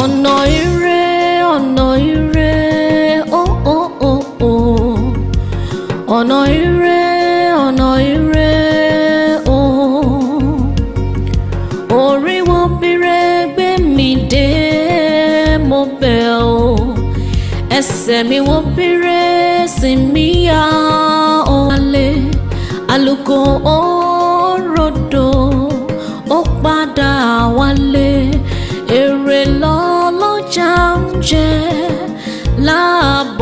ọ̀nà ire ọ̀nà ire ó ó ó ó ọ̀nà ire ọ̀nà ire ó orí wọn bire gbé mi dé mo bẹ̀ ọ́ ẹsẹ̀ mi wọ́n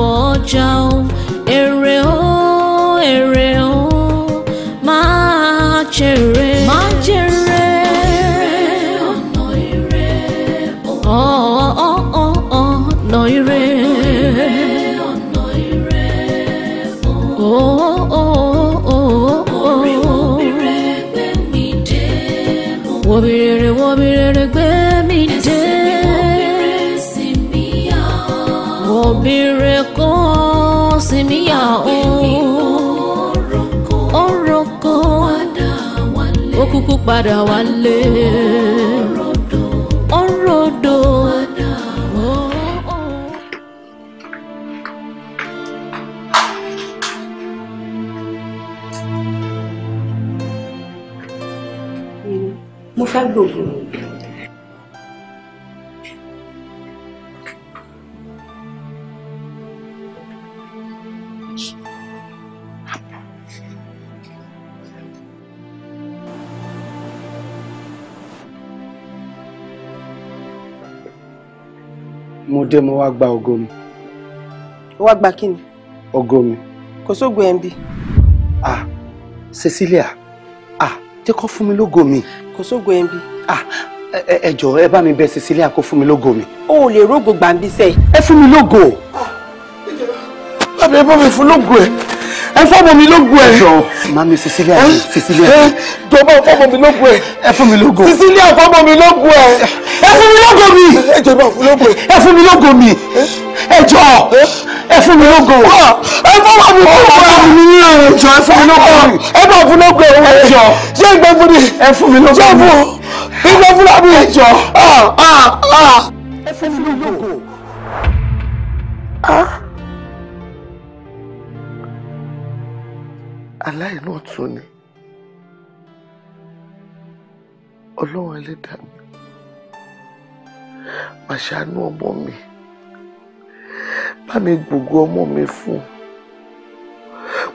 àpọ̀ ọjà o èrè o èrè o máa jèrè. padà wálé. Orodo. Mo fẹ́ gbogbo. dé mo wá gba ògo mi. ó wá gba kíni. ògo mi. kò sóògùn ẹ̀ ń bí. ah Cecilia ah jẹ́ kó fún mi lógo mi. kò sóògùn ẹ̀ ń bí. ah ẹ jọ̀ọ́ ẹ bá mi bẹ̀ Cecilia kó fún mi lógo mi. o ò lè rógo gbàǹbí sẹ́yìn. ẹ fún mi lógo. bàbá ah. ẹ bá mi fún lógo ẹ ẹ fọmọ mi lógún ẹ. ẹjọ mami Cecilia Cecilia. jọba ẹ fọmọ mi lógún ẹ. ẹ fún mi lógo. Cecilia fọmọ mi lógún ẹ. ẹ fún mi lógo mi. ẹjọ ẹ fún mi ẹ. ẹ fún mi lógo mi. ẹjọ ẹ fún mi lógo. ẹ fọmọ mi lógo ẹ. ọmọ mi ní ẹjọ ẹ fún mi lógo mi. ẹ bá fún lógo ẹ. ẹjọ ṣé ìgbẹ́ fún mi. ẹ fún mi lógo mi. ṣé ìgbẹ́ fún mi. ẹ fún mi lógo. aláìlóòtú ni ọlọ́run ẹlẹ́dàá mi mà ṣàánú ọmọ mi bá mi gbògo ọmọ mi fún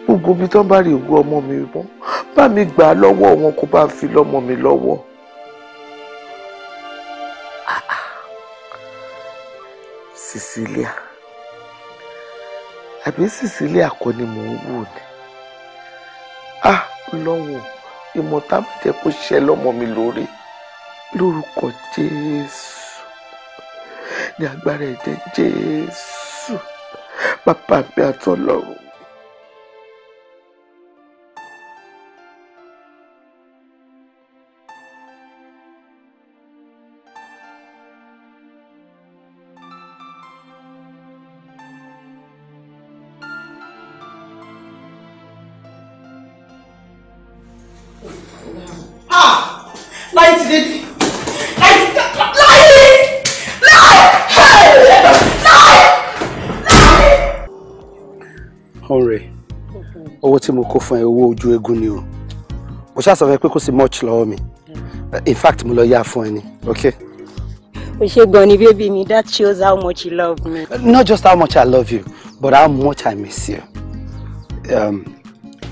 gbogbo ibi tó ń bá rí ògo ọmọ mi mọ́ bá mi gbà á lọ́wọ́ wọn kó bá fi lọ́mọ mi lọ́wọ́. Cecilia àbí Cecilia kọ́ ni mò ń wò ni ah lọ́wọ́ ìmọ̀ta má jẹ́ kó ṣẹ lọ́mọ mi lórí lórúkọ jésù ní agbára ẹ̀jẹ̀ jésù bàbá mi àtọ́lọ́run Ah, ti to bí láyé láyé láyé láyé. ọ̀rẹ́ owó tí mo kó fún ẹ owó ojú eégún ni o mo ṣáà sọ fún ẹ pé kò sí much lọ́wọ́ mi in fact mo lọ yá fún ẹ ni okay. o ṣe gan ni baby mi that shows how much you love me. not just how much I love you but how much I miss you. Um,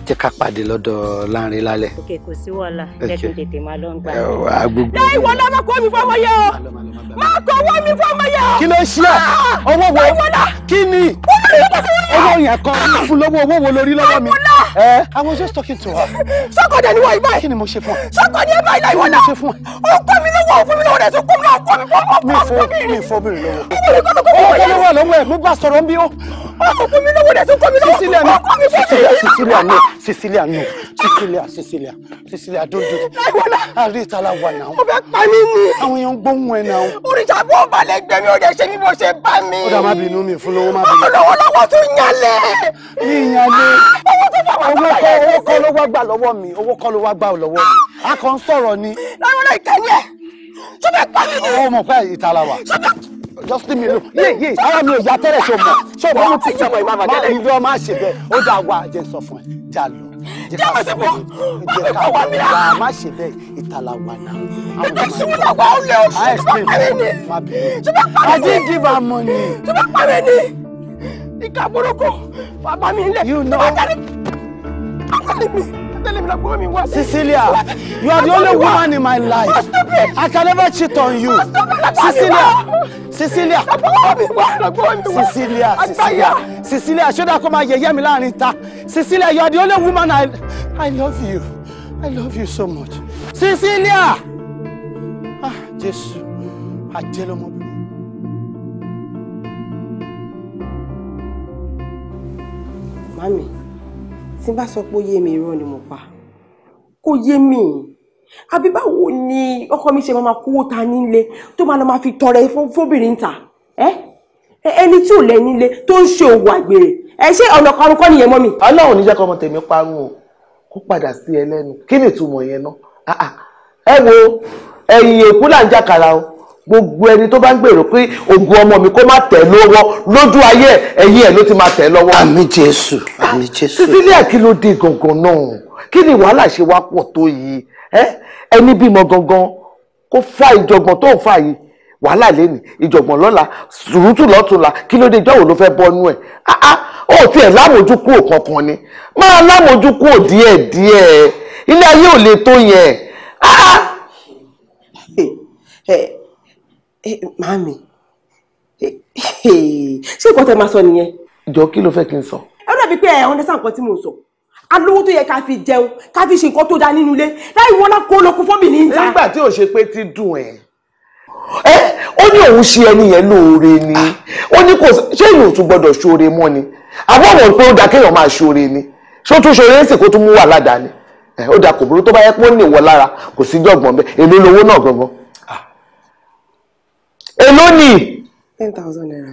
jẹ́ ká pàdé lọ́dọ̀ láàrin lálẹ́. ok kò sí wàhálà jẹ́ kí n tètè máa lọ ń gbà. agbègbè. ẹ ìwọ náà má kó mi fọmọ yẹ o má kó owó mi fọmọ yẹ o. kí ló ń ṣe ẹ ah! owó wo. ìwọ náà kí ni owó yẹn kan fún lọ́wọ́ owó wo lórí lọ́wọ́ mi ẹ I was just talking to her. sọkọ dẹ ni wọ ibà kí ni mo ṣe fún ẹ. sọkọ ni ẹ ilà ìwọ náà. kí ni mo ṣe fún ẹ. o kọ́ mi lọ́wọ́ o kọ́ mi lọ́wọ́ rẹ̀ tó kọ́ mi lọ́wọ́ kọ́ mi lọ́wọ́ mi fọ́ mi fọ́ mi lọ́wọ́. o kọ́ mi lọ́wọ́ lọ́wọ́ mo gbà sọ̀rọ̀ n bí o. o kọ́ mi lọ́wọ́ rẹ̀ tó kọ́ mi lọ́wọ́ kọ́ mi fọ́ mi lọ́wọ́. Cecilia no Cecilia no Cecilia Cecilia Cecilia don't do it. àrí ìtara wà náà. o bẹ pa mí ni. àwọn èèyàn owó má bínú. Ah, olówó lọ́wọ́ tún yànlẹ̀. mi yànlẹ̀ owó kọ́ owó kọ́ ló wá gbà lọ́wọ́ mi owó kọ́ ló wá gbà lọ́wọ́ mi a kàn ń sọ̀rọ̀ ni. lọ́wọ́ náà ìtẹ̀lẹ́ sọ́bẹ̀ pa mí owó mọ̀ pé ìtara wà just leave me alone. Yé yé ara mi ò yá tẹ́lẹ̀ ṣe mọ̀. Ṣé o bá mo ti sẹ́wọ̀n ìmọ̀ àbàjẹ́lẹ̀? Má ìjọ máa ṣe bẹ́ẹ̀. Ó dà wá jẹ́ sọ fún ẹ. Jà lọ jẹ́ sí fún báwo kọ́ wà mí rà. má ṣe bẹ́ẹ̀ ìtàlà wà náà. ètò ìṣubú náà wà ó oṣù tó bá parí ni tó bá parí ni. I didn't give her money. tó bá parí ni ìka burúkú bàbá mi lẹ. you know. ọkọ mi. Cecilia, you are the only woman in my life. I can never cheat on you. Cecilia, Cecilia, Cecilia, Cecilia, Cecilia, ṣọ́dọ̀ kó máa here mi láàrin ta. Cecilia, you are the only woman I, I love you. I love you so much. Cecilia! Ah, Jesus, I tell him. Mami tí n bá sọ pé ó yé mi irọ́ ni mo pa kò yé mi àbí báwo ni ọkọ mi ṣe máa máa kówó ta nílé tó máa lọ máa fi tọrẹ fóbìnrin ta ẹ ẹni tí ò lẹ nílé tó ń ṣe òwò àgbèrè ẹ ṣé ọ̀nà karùn-ún kọ́ nìyẹn mọ́ mi. ọlọ́run níjẹ́ kọ́mọ tèmi parun o kó padà sí ẹlẹ́nu kí ni ìtumọ̀ yẹn ná ah, ah. ẹ wo ẹ̀yìn èkú là ń jàkàrà o gbogbo ẹni tó bá ń gbèrò pé ògùn ọmọ mi kó má tẹ̀ lọ́wọ́ lójú ayé ẹ̀yìn ẹ̀ ló ti máa tẹ̀ lọ́wọ́. àmín jésù àmín jésù. cecilia kí ló dé gangan náà kí ni wàhálà ṣe wá pọ̀ tó yìí ẹni bímọ gangan kó fa ìjọ̀gbọ̀n tó ń fa yìí wàhálà lẹ́nu ìjọ̀gbọ̀n lọ́la sùrùtù lọ́tùnla kí ló dé jọ́wọ́ ló fẹ́ bọ́nú ẹ̀ ah, ah, ó tiẹ̀ lámójú kúrò kankan ni máa lámójú kúrò díẹ̀díẹ̀ ilé ayé ò le tó yẹn ah, Mami, ṣé nǹkan tẹ máa sọ nìyẹn. jọ kí ló fẹ́ kí n sọ. ẹ dàbí pé ẹ ọ̀ndẹ́sà nǹkan tí mò ń sọ alówó tó yẹ ká fi jẹun ká fi ṣe nǹkan tó dáa nínú ilé láì wọn náà kó lókun fún mi ní ìta. nígbà tí ò ṣe pé ti dùn ẹ ẹ ó ní òun ṣe ẹni yẹn lóore ni ó ní kò ṣé èèyàn ò tún gbọ́dọ̀ ṣoore mọ́ ni àbọ̀ wọ̀ pé ó dáa kéèyàn máa ṣoore ni ṣó tún ṣoore ń sì kó tún mú wà ládàá ni ó dáa kò tó bá yẹ pé ó ní ìwọ lára kò sí jọ̀gbọ̀n bẹ́ẹ̀ èlò lowó náà gangan èló ni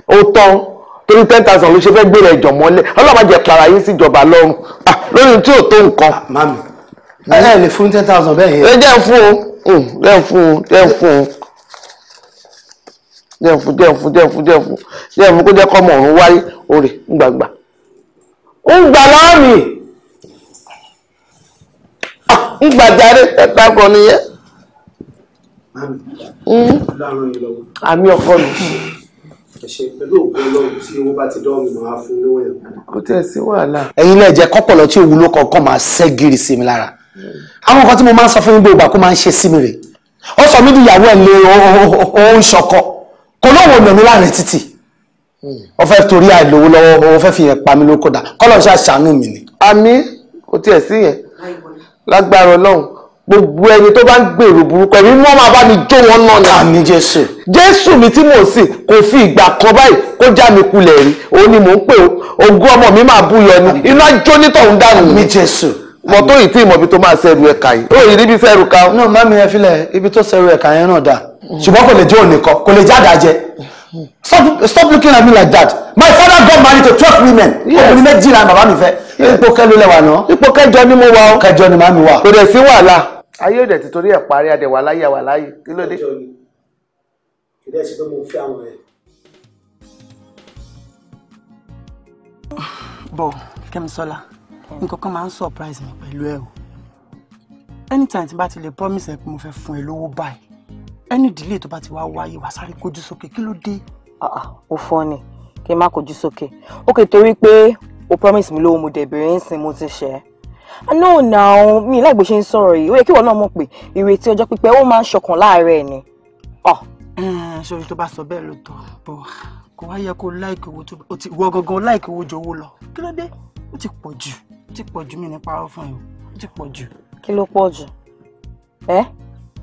ó tán torí ten thousand ló ṣe fẹ́ gbére ẹ̀jọ̀ mọ́lẹ̀ ọlọ́mọ jẹ́ para yín síjọba lọ́rùn ah, lórí tí ò tó nǹkan. Ah, mami ẹ lè fún ten thousand bẹ́ẹ̀ yẹn. ẹ jẹ́ hmm, fún un jẹ́ fún un jẹ́ fún un jẹ́ fún jẹ́ fún jẹ́ fún jẹ́ fún jẹ́ fún kó jẹ́ kọ́ ọmọ ọ̀run wáyé orè ńgbàgbà ńgbà lọ́ọ̀mì ah, ńgbàjáre ẹ̀ta kan nìyẹn. Hmm? àmì ọkọ mi. kò tẹ̀ sí wàhálà. ẹ̀yin lè jẹ́ kọ́pọ̀lọ́ tí òwúlò kọ̀ọ̀kan máa ṣẹ́ gírì sí mi lára àwọn kan tí mo máa ń sọ fún gbogbo ìgbà kó máa ń ṣe sí mi rè ó sọ mí níyàwó ẹ̀ lé òun ṣọkọ kò lóun ọ̀nà mi láàrin títì ó fẹ́ torí àìlówó lọ́wọ́ ó fẹ́ fi yẹn pa mí lóko dà kọ́lọ́ ṣàṣàánú mi ni. àmì kò tiẹ̀ sí yẹn lágbára ọlọ́run gbogbo ẹni tó bá ń gbèrò burúkú ẹ̀mí mọ́ máa bá mi jó wọn náà ni. àmín jésù. jésù mi tí mò ń sìn kò fi ìgbà kan báyìí kó já mi kulẹ̀ rí òun ni mò ń pè ó ogún ọmọ mi máa bú yọnu iná jó nítọ̀hún dànù. àmín jésù. mọ tó yìí tí ìmọ̀bi tó máa sẹ́rù ẹ̀ka yìí ó yìí níbi sẹ́rù ká. náà má mi yẹn filẹ̀ ibi tó sẹ́rù ẹ̀ka yẹn náà dà ṣùgbọ́n kò lè jẹ́ òní kan kò lè jáde àjẹ stop stop looking at me like that my father got married to twelve women obìnrin méjì náà bàbá mi fẹ́ ipò kẹlò lẹwà náà ipò kẹjọ ni mo wà ó kẹjọ ni màá mi wà kò dẹ̀ sí wàhálà ayé òde ti torí ẹ̀ parí adẹ̀wà láyé àwà láyé kí ló dé. ìdẹ́ ṣe nǹkan kan máa ń surprise mi pẹ̀lú ẹ̀ o anytime tí bá ti lè promise ẹ pé mo fẹ́ fún ẹ lówó báyìí any delay tó bá ti wá wáyé wà sáré kojú sókè kí ló dé. Ah, ah, ó fọ́ ni kí n má kojú sókè ókè torí pé o promise mi lówó mo dẹ̀ bèrè ń sin mo ti ṣe é no now mi láì bó ṣe ń sọ̀rọ̀ yìí ó yẹ kí ìwọ náà mọ̀ pé ìrètí ọjọ́ pípẹ́ ó máa ń ṣọkàn láàárẹ̀ ni. ṣòro ah. eh, tó bá sọ bẹ́ẹ̀ ló tọ́ bọ̀ kò wá yẹ kó láìkì owó tó o ti wọ gangan láìkì owó jowó lọ kí ló dé ó ti pọ̀ jù ó ti pọ̀ jù mí nípa ọ fún ẹ ó ti pọ̀ jù. kí ló pọ̀ jù ẹ eh?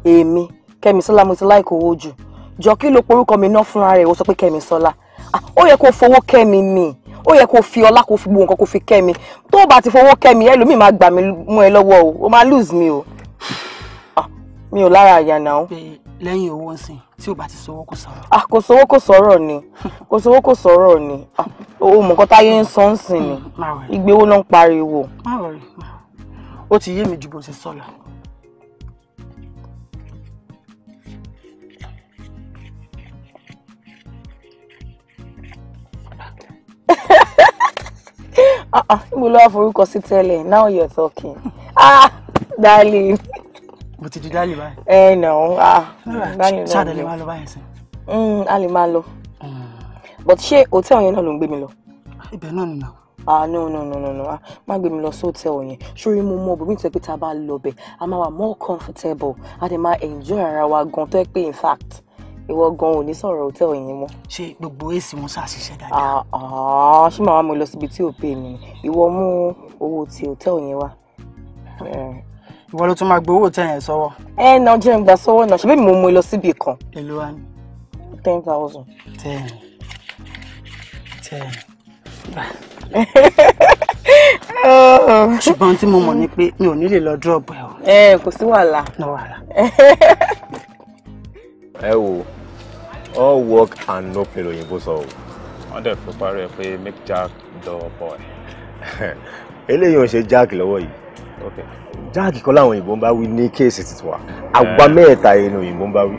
èmi Kẹ́mi Sọ́lá mo ti láìkì owó jù jọ kí ló porúkọ mi ná fúnra rẹ̀ ó sọ pé Kẹ́mi Sọ́lá ah, ó yẹ kó fowó kẹ́mi ni ó yẹ kó fi ọlá kó fi gbogbo nǹkan kó fi kẹ́ mi tó bá ti fowó kẹ́ mi ẹlòmíì máa gbà mí mú ẹ lọ́wọ́ o ó máa lose mi o ah, mi ò lára àyà náà. lẹ́yìn owó nsìn tí ò bá ti sọwọ́ kò sọ̀rọ̀. ah kò sọwọ́ kò sọ̀rọ̀ ni kò sọwọ́ kò sọ̀rọ̀ ni ah, o mọ̀ nǹkan táyé ń sọ ń sìn ni hmm, ìgbéwó náà ń pariwo. má rọrùn ó ti yé mi ju bó ṣe sọ lọ. Ah, ah, mo lọ́wọ́ forúkọ sí tẹ́lẹ̀ now you're talking ah darling. mo ti di darling báyìí. ẹ eh, ah darling náà. ṣáàdà lè máa lọ báyìí sí. Mm, a lè máa lọ hmm. but ṣé hotel, yẹn náà ló ń gbé mi lọ. ibẹ̀ náà nìyà. ah no no no no no ah má gbé mi lọ sí hòtẹ́ẹ̀lì yẹn sórí mo mọ obìnrin tó pé tá a bá lọ bẹ̀ a máa wà more comfortable a dẹ̀ máa enjoy ara wa gan tó ẹ pé in fact ìwọ gan ò ní sọ̀rọ̀ hòtẹ́ẹ̀lì yín mọ́. ṣé gbogbo èsì wọn ṣàṣiṣẹ́ dáadáa. Ah, ah, ṣé màmá mi lọ síbi tí ò pè mí ìwọ mú owó ti hòtẹ́ẹ̀lì yẹn wá. Eh. ìwọ ló tún máa gbé owó hòtẹ́ẹ̀lì yẹn sọ́wọ́. ẹ ẹ náà jẹ́ ń gbà sọ́wọ́ náà ṣebí mo mú un lọ síbi kan. èló wa ni. ten thousand. ten ten oh. ṣùgbọ́n tí mo mọ̀ ni pé mi ò ní lè lọ drop ẹ o. ẹ eh, kò sí wàhálà. ẹ wò ó all work and no play lóyìnbó sọ o. wọ́n dẹ̀ fi parí ẹ pé make jack the boy. eléyìí ò ń ṣe jack lọ́wọ́ yìí jack kọ́ làwọn òyìnbó ń bá wí ní kéèsì tuntun wa eh. àwa mẹ́ẹ̀ta yìí ni òyìnbó ń bá wí.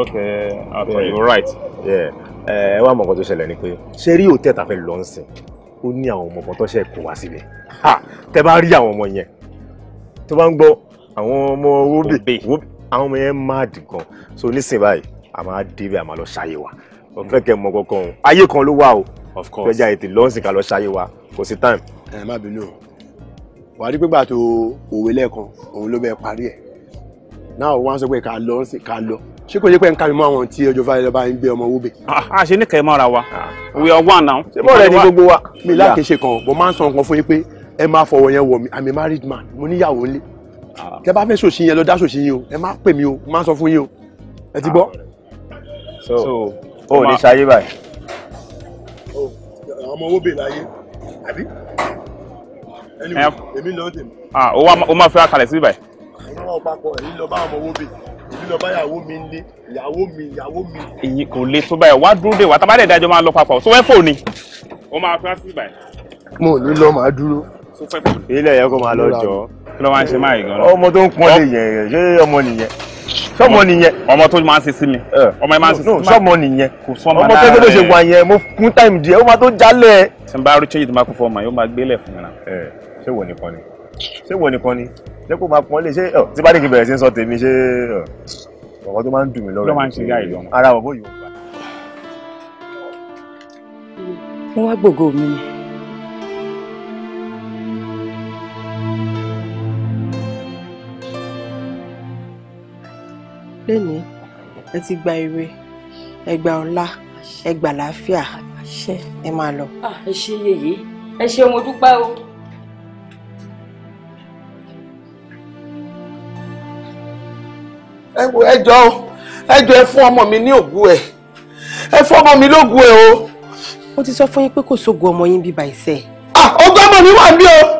ok akọ you right. Eh, ẹ wá mọ̀ nǹkan tó ṣẹlẹ̀ ni pé ṣé rí òtẹ́ tàfẹ́ lọ́nsìn ó ní àwọn ọmọ kan tó ṣe kó wá síbẹ̀ tẹ bá rí àwọn ọmọ yẹn tó bá ń gbọ́ àwọn ọmọ wóbè àwọn ọmọ yẹn máàdì gan so nísìnyí báyìí a máa débẹ̀ a máa lọ ṣayé wa o fẹ́ kẹ́ mọ kankan o ayé kan ló wà o of course gbẹjà ètè lọ́sìn ká lọ ṣayé wa kò sí time. ẹ má bínú o wà á rí pípa tó òwe lẹ́ẹ̀kan òun ló bẹ́ẹ̀ parí ẹ̀ náà wọ́n á sọ pé ká lọ ká lọ ṣé kò yẹ pé nǹkan mímọ́ àwọn tí ọjọ́ fàlẹ́ bá ń gbé ọmọ owó a ṣe ní kẹ́ẹ̀ mọ́ra wa ah. we are one now. ṣé bọ́ọ̀lù ẹni gbogbo wa. mi láàkè ṣe kan mo máa ń sọ nǹkan fún yín pé ẹ máa fọwọ́ yẹn wọ̀ mí i'm a married man mo níyàwó nílé ah. tẹ bá fẹ́ ṣòṣì yẹn lọ dá ṣòṣì yín o ẹ má pè mí o mo máa ń sọ fún yín o ẹ ti ah. gbọ́ so o ò lè ṣayé báyìí. àwọn ọmọ owó bè láyé àbí èmi lọ Ah, o máa fẹ́ àkàlẹ̀ sí báyìí. àwọn ọmọ papọ̀ èyí lọ bá ọmọ owó bè èmi lọ bá ìyàwó mi ń lé ìyàwó mi ìyàwó mi. èyí kò lè tó báyìí wá dúró dè wá tábàdé ìdájọ́ máa lọ papọ̀ so fẹ́ ni o máa fẹ́ sí báyìí. mo ní lọ máa dúró. ilé ẹ̀yọ́ kó máa lọ jọ kí ló máa ń ṣe máa yìí gan-an. ọmọ tó ń pọ́n lè yẹ̀yẹ̀ ṣé ọmọ nìyẹn sọmọ nìyẹn. ọmọ tó máa ń ṣe sí mi ọmọ yẹn máa ń ṣe sí mi. sọmọ nìyẹn ọmọ tó gbọ́dọ̀ ṣe wà yẹn mo kún táìmù díẹ̀ ó máa tó jálẹ̀. tí n bá rí change tó máa kún fún ọmọ yóò máa gbélé fún mi náà. ẹ ṣé wọ nìkan ni ṣé wọ nìkan ni ṣé kó máa pọ́n lé ṣé tí bá ní kí bẹ̀rẹ̀ sí sọ tèmi ṣé ọ̀rọ̀ tó máa ń dùn mí lọ́rọ̀ ara bọ̀bọ̀ yìí. mo wá gbogbo mi ni. lẹ́nìí ẹ ti gba ire ẹ gba ọlá ẹ gba àlàáfíà ẹ máa lọ. Ah, ẹ ṣe yeye ẹ ṣe mo dúpẹ́ o. ẹ wo ẹ jọ̀ọ́ ẹ jọ̀ọ́ ẹ fún ọmọ mi ní ògùn ẹ ẹ fún ọmọ mi lógùn ẹ o. mo ti sọ fún yín pé kò sóògùn ọmọ yín bíbá ìṣe. ọgbọ́n mi wà ní o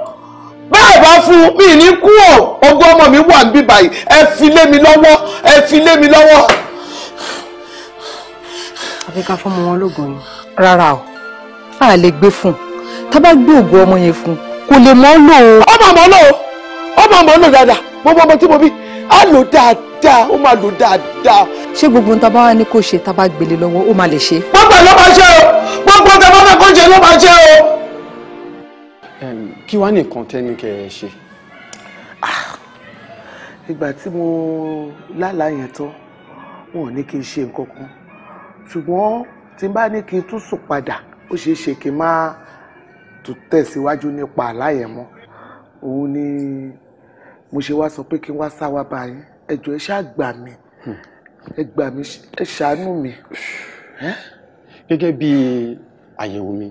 báyìí bá fún mi ní kú ọ ogún ọmọ mi wà níbí báyìí ẹ fi lé mi lọ́wọ́ ẹ fi lé mi lọ́wọ́. àbí fọmọ wọn lóògùn yìí rárá o a lè gbé fún un tá bá gbé òògùn ọmọ yẹn fún un kò lè mọ́ lò ó. ọmọ àmọ́ lò ó ọmọ àmọ́ lò dáadáa gbogbo ọmọ tí mo bí á lò dáadáa ó máa lò dáadáa. ṣé gbogbo nta bá wà ní kò ṣe tá bá gbélé lọ́wọ́ ó máa lè ṣe. gbogbo ẹ̀ ló máa ṣe o gbogbo nta ṣe ló máa ṣe o kí wàá nìkan tẹ́ni kẹ́ ẹ ṣe. Ah, ìgbà tí mo lálàá yẹn tán wọn ò ní kí n ṣe nǹkan kan ṣùgbọ́n tí n bá ní kí n tún sùn padà ó ṣeé ṣe kí n má tún tẹ̀síwájú nípa àlá mọ́ òun ni mo ṣe wá sọ pé kí n wá sá wá bá yín ẹ jọ̀ọ́ ẹ ṣáà gbà mí hmm. ẹ ẹ ṣàánú mi. gẹ́gẹ́ bí àyẹ̀wò mi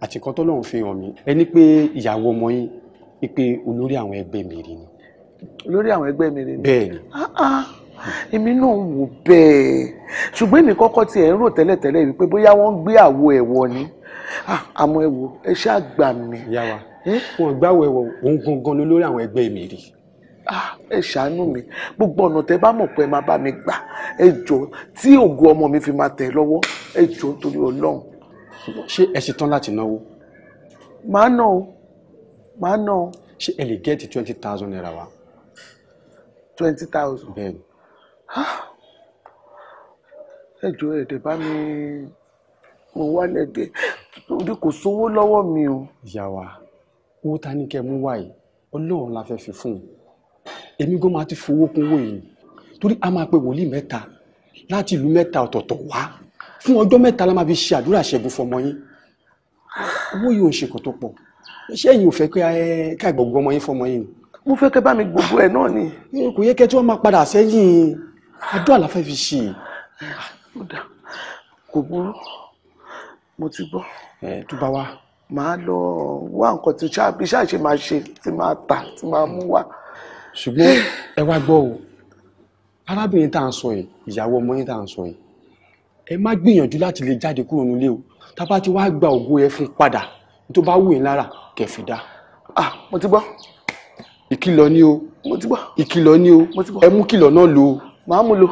àti kan tọ́lọ́run fi hàn mí ẹni pé ìyàwó ọmọ yín ni pé olórí àwọn ẹgbẹ́ mi rí ni. olórí àwọn ẹgbẹ́ mi rí ni. bẹ́ẹ̀ni. Ah, ah, èmi náà wò bẹ́ẹ̀ ṣùgbọ́n èmi kọ́kọ́ ti ẹ̀ ń rò tẹ́lẹ̀tẹ́lẹ̀ wípé bóyá wọ́n ń gbé àwo ẹ̀wọ̀ ni ah, àmọ́ ẹ wò ẹ ṣáà gbà mí. ìyá wa wọn gbàwọ ẹ̀wọ̀ òun gangan lórí àwọn ẹgbẹ́ mi rí ẹ ṣàánú mi gbogbo ọ̀nà tẹ bá mọ̀ pé ẹ máa bá mi gbà ẹ jọ tí ògo ọmọ mi fi máa tẹ̀ lọ́wọ́ ẹ jọ nítorí ọlọ́run ṣùgbọ́n ṣé ẹ ṣetán láti náwó. màá ná o màá ná o. ṣé ẹ lè gẹ́ẹ̀tì twenty thousand naira wa. twenty thousand. bẹ́ẹ̀ni. Ah! ẹ jọ èdè bá mi mo wálẹ̀ dé torí kò sówó lọ́wọ́ mi o. ìyá wa owó ta ni kẹ́ mú wá yìí ọlọ́run la fẹ́ fi fún un èmi gan máa ti fowó kún owó yìí torí a máa pe wòlíì mẹ́ta láti ìlú mẹ́ta ọ̀tọ̀ọ̀tọ̀ wá fún ọjọ́ mẹ́ta la máa fi ṣe àdúrà ṣẹ́gun fọmọ yín owó yìí ò ń ṣe kò tó pọ̀ ṣé ẹ̀yin ò fẹ́ kí ká gbogbo ọmọ yín fọmọ yín ni. mo fẹ́ kẹ́ bá mi gbogbo ẹ̀ náà ni. kò yẹ kẹ́ tí wọ́n máa padà sẹ́yìn àdúrà la fẹ́ fi ṣe. kò burú mo ti gbọ́. ẹ tó bá wa. màá lọ wá nǹkan tí bí ṣáàṣe máa ṣe tí máa tà tí máa mú wá. ṣùgbọ́n ẹ wá gbọ́ o arábìnrin tá à ń sọ yìí ìyàwó ọmọ yín tá à ń sọ yìí ẹ má gbìyànjú láti lè jáde kúrò nílé o tá a bá ti wá gba ògo yẹn fún padà tó bá wù yín lára kẹfì dá. ah mo ti gbọ́. ìkìlọ̀ ni o. mo ti gbọ́. ìkìlọ̀ ni o. mo ti gbọ́. ẹ mú kìlọ̀ náà lò ó. màá mú lò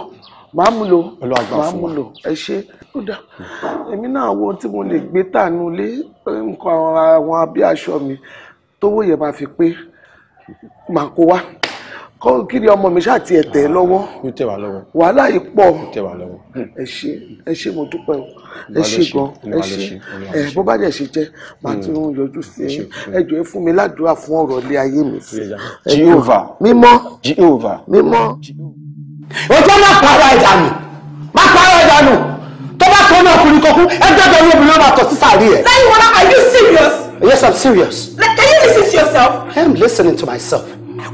màá mú lò màá mú lò ẹ ṣe ó dà èmi náà wo tí mo lè gbé tànú lé nǹkan àwọn abí mi tówó yẹn máa fi pé màá kó wá kọ́ kiri ọmọ mi ṣáà tiẹ̀ tẹ̀ lọ́wọ́ wàhálà yìí pọ̀ ẹ ṣé ẹ ṣé mo dúpẹ́ o ẹ ṣé gan ẹ ṣé ẹ bó bá dẹ̀ ṣe jẹ́ màá ti hmm, ń yọjú sí i ẹ jọ̀ọ́ ẹ fún mi ládùúrà fún ọ̀rọ̀ ilé ayé mi sí Jehova mímọ́ Jehova mímọ́. ọjọ́ máa para ìdànù máa para ìdànù tó bá tọ́ ní ọkùnrin kọ̀ọ̀kún ẹgbẹ́ bẹ̀rù obìnrin ọba àtọ̀ sísá rí ẹ̀. lẹ́yìn wọn are you serious? yes i'm serious. like can you listen to yourself? i am listening to myself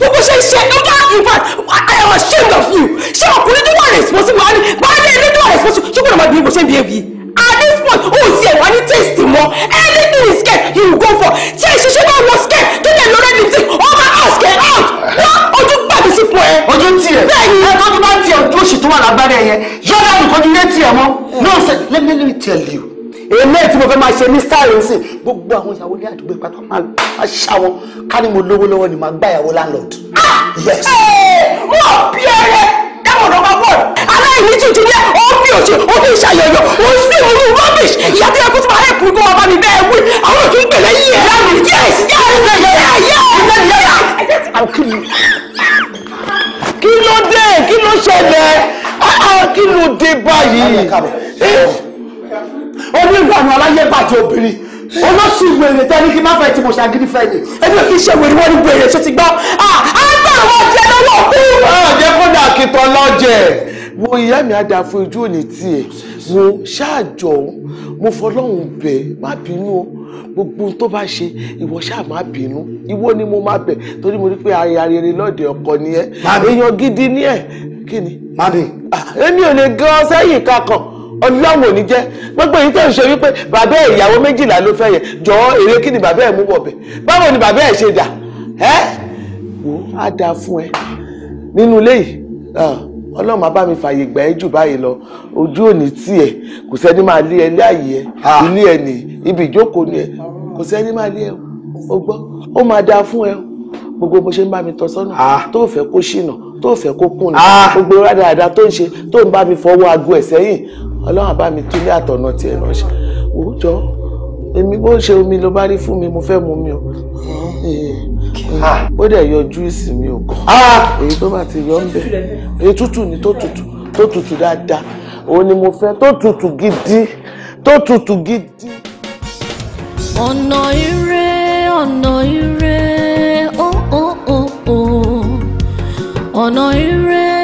bó bó ṣe ṣe ẹgbẹ́ in fact I am ashamed of you ṣé ọkùnrin tó wà responsible wa ni báyìí ẹni tó wà responsible ṣé kò lè máa bí bó ṣe ń bí ẹbí at this point o sì ẹ̀ wá ní taste mọ́ anything is scared you go for tí ẹ ṣiṣẹ́ bá wọ scared tó lè lọ rẹ́ni tí ọba ask ẹ out wá ojú gbà mí sí fún ẹ. ojú tí ẹ bẹ́ẹ̀ni ẹ tó ti bá tiẹ̀ ojú òṣì tó wà lágbára ẹ yẹn yọ̀dá nìkan no let me let me tell you eléyìí tí mo fẹ́ máa ṣe ní sáàrì ń sìn gbogbo àwọn ìyàwó ní àdúgbò ìpàtà máa ṣá wọn ká ní mo lówó lọ́wọ́ ni màá gbá ìyàwó landlord. Ah! yes. wọ́n bí ẹrẹ ẹ̀wọ̀n ló máa bọ̀ aláìní tuntun ní ẹ̀ ó bí òṣè ó bí ìṣàyẹ̀yọ̀ ó sì olú rubbish ìyá tí ẹkú tí màá ẹ̀kú kó wà bá mi bẹ́ẹ̀ wí àwọn òtún gbèlè yìí ẹ̀ lánàá yes kí ló dé kí ló ṣẹlẹ̀ ah, ah, kí ló dé báyìí onígbàna aláyé bàjẹ́ obìnrin olóṣù wèrè tẹ́ni kí má fẹ́ tí mo ṣàgídí fẹ́ ni ẹni ò kí ṣe wèrè wọ́n ní wèrè ṣe ti gbọ́ àgbà àwọn ọ̀jẹ̀ lọ́wọ́ kú. ọ̀jẹ̀ kódà kìtọ̀ lọ́jẹ̀ wo ìyá mi á dáa fún ojú òní tiẹ̀ wo ṣáàjọ mo fọlọ́hún bẹ̀ má bínú o gbogbo tó bá ṣe ìwọ ṣáà má bínú ìwọ ni mo má bẹ̀ torí mo rí pé ayarere lọ́ọ̀dẹ̀ ọkọ ni ẹ èèyàn gidi ni ẹ kí ni. mami. èmi ò lè gan sẹ́yìn kakàn ọlọ́run ò ní jẹ́ gbogbo èyí tó ń ṣe wípé bàbá ẹ̀ ìyàwó méjìlá ló fẹ́ yẹn jọ èrè kí ni bàbá ẹ̀ mú wọ̀bẹ̀ báwo ni bàbá ẹ̀ ṣe dà ẹ́ wò á dáa fún ẹ nínú ilé yìí ọlọ́run máa bá mi fààyè gbà ẹ́ jù báyìí lọ ojú òní tì ẹ kò sẹ́ni máa lé ẹ láàyè ẹ ilé ẹ nì ibi ìjókòó ni ẹ kò sẹ́ni máa lé ẹ o gbọ́ ó máa dáa fún ẹ gbogbo bó ṣe ń bá mi tọ́ sọ́nà tó fẹ́ kó ṣìnà tó fẹ́ kó kùnà gbogbo rádaràda tó ń ṣe tó ń bá mi fọwọ́ aago ẹ̀ sẹ́yìn ọlọ́run bá mi tún ní àtọ̀nà tiẹ̀ ránṣẹ́ wò èmi bó ṣe omi ló bá rí fún mi mo fẹ́ mu mi o mm-hmm. ah, ó dẹ̀ yọ júìsì mi ò kàn ah! èyí tó bá ti yọ ń bẹ̀ èyí tútù ni tó tútù tó tútù dáadáa òun ni mo fẹ́ tó tútù gidi tó tútù gidi. ọ̀nà ire ọ̀nà ire oh, oh, oh, ọ̀nà ire.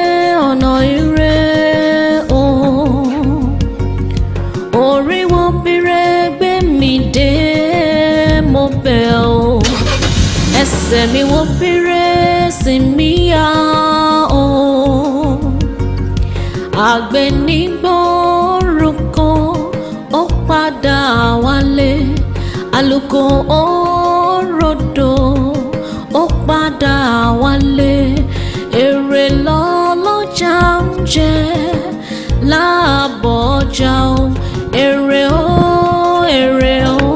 tẹ̀mí wọ́n péré sí mi yá o àgbẹ̀ nígbòrúkọ ó padà wálé àlùkò ó rodò ó padà wálé èrè lọ́lọ́jà ń jẹ láàbọ̀ ọjà o èrè o èrè o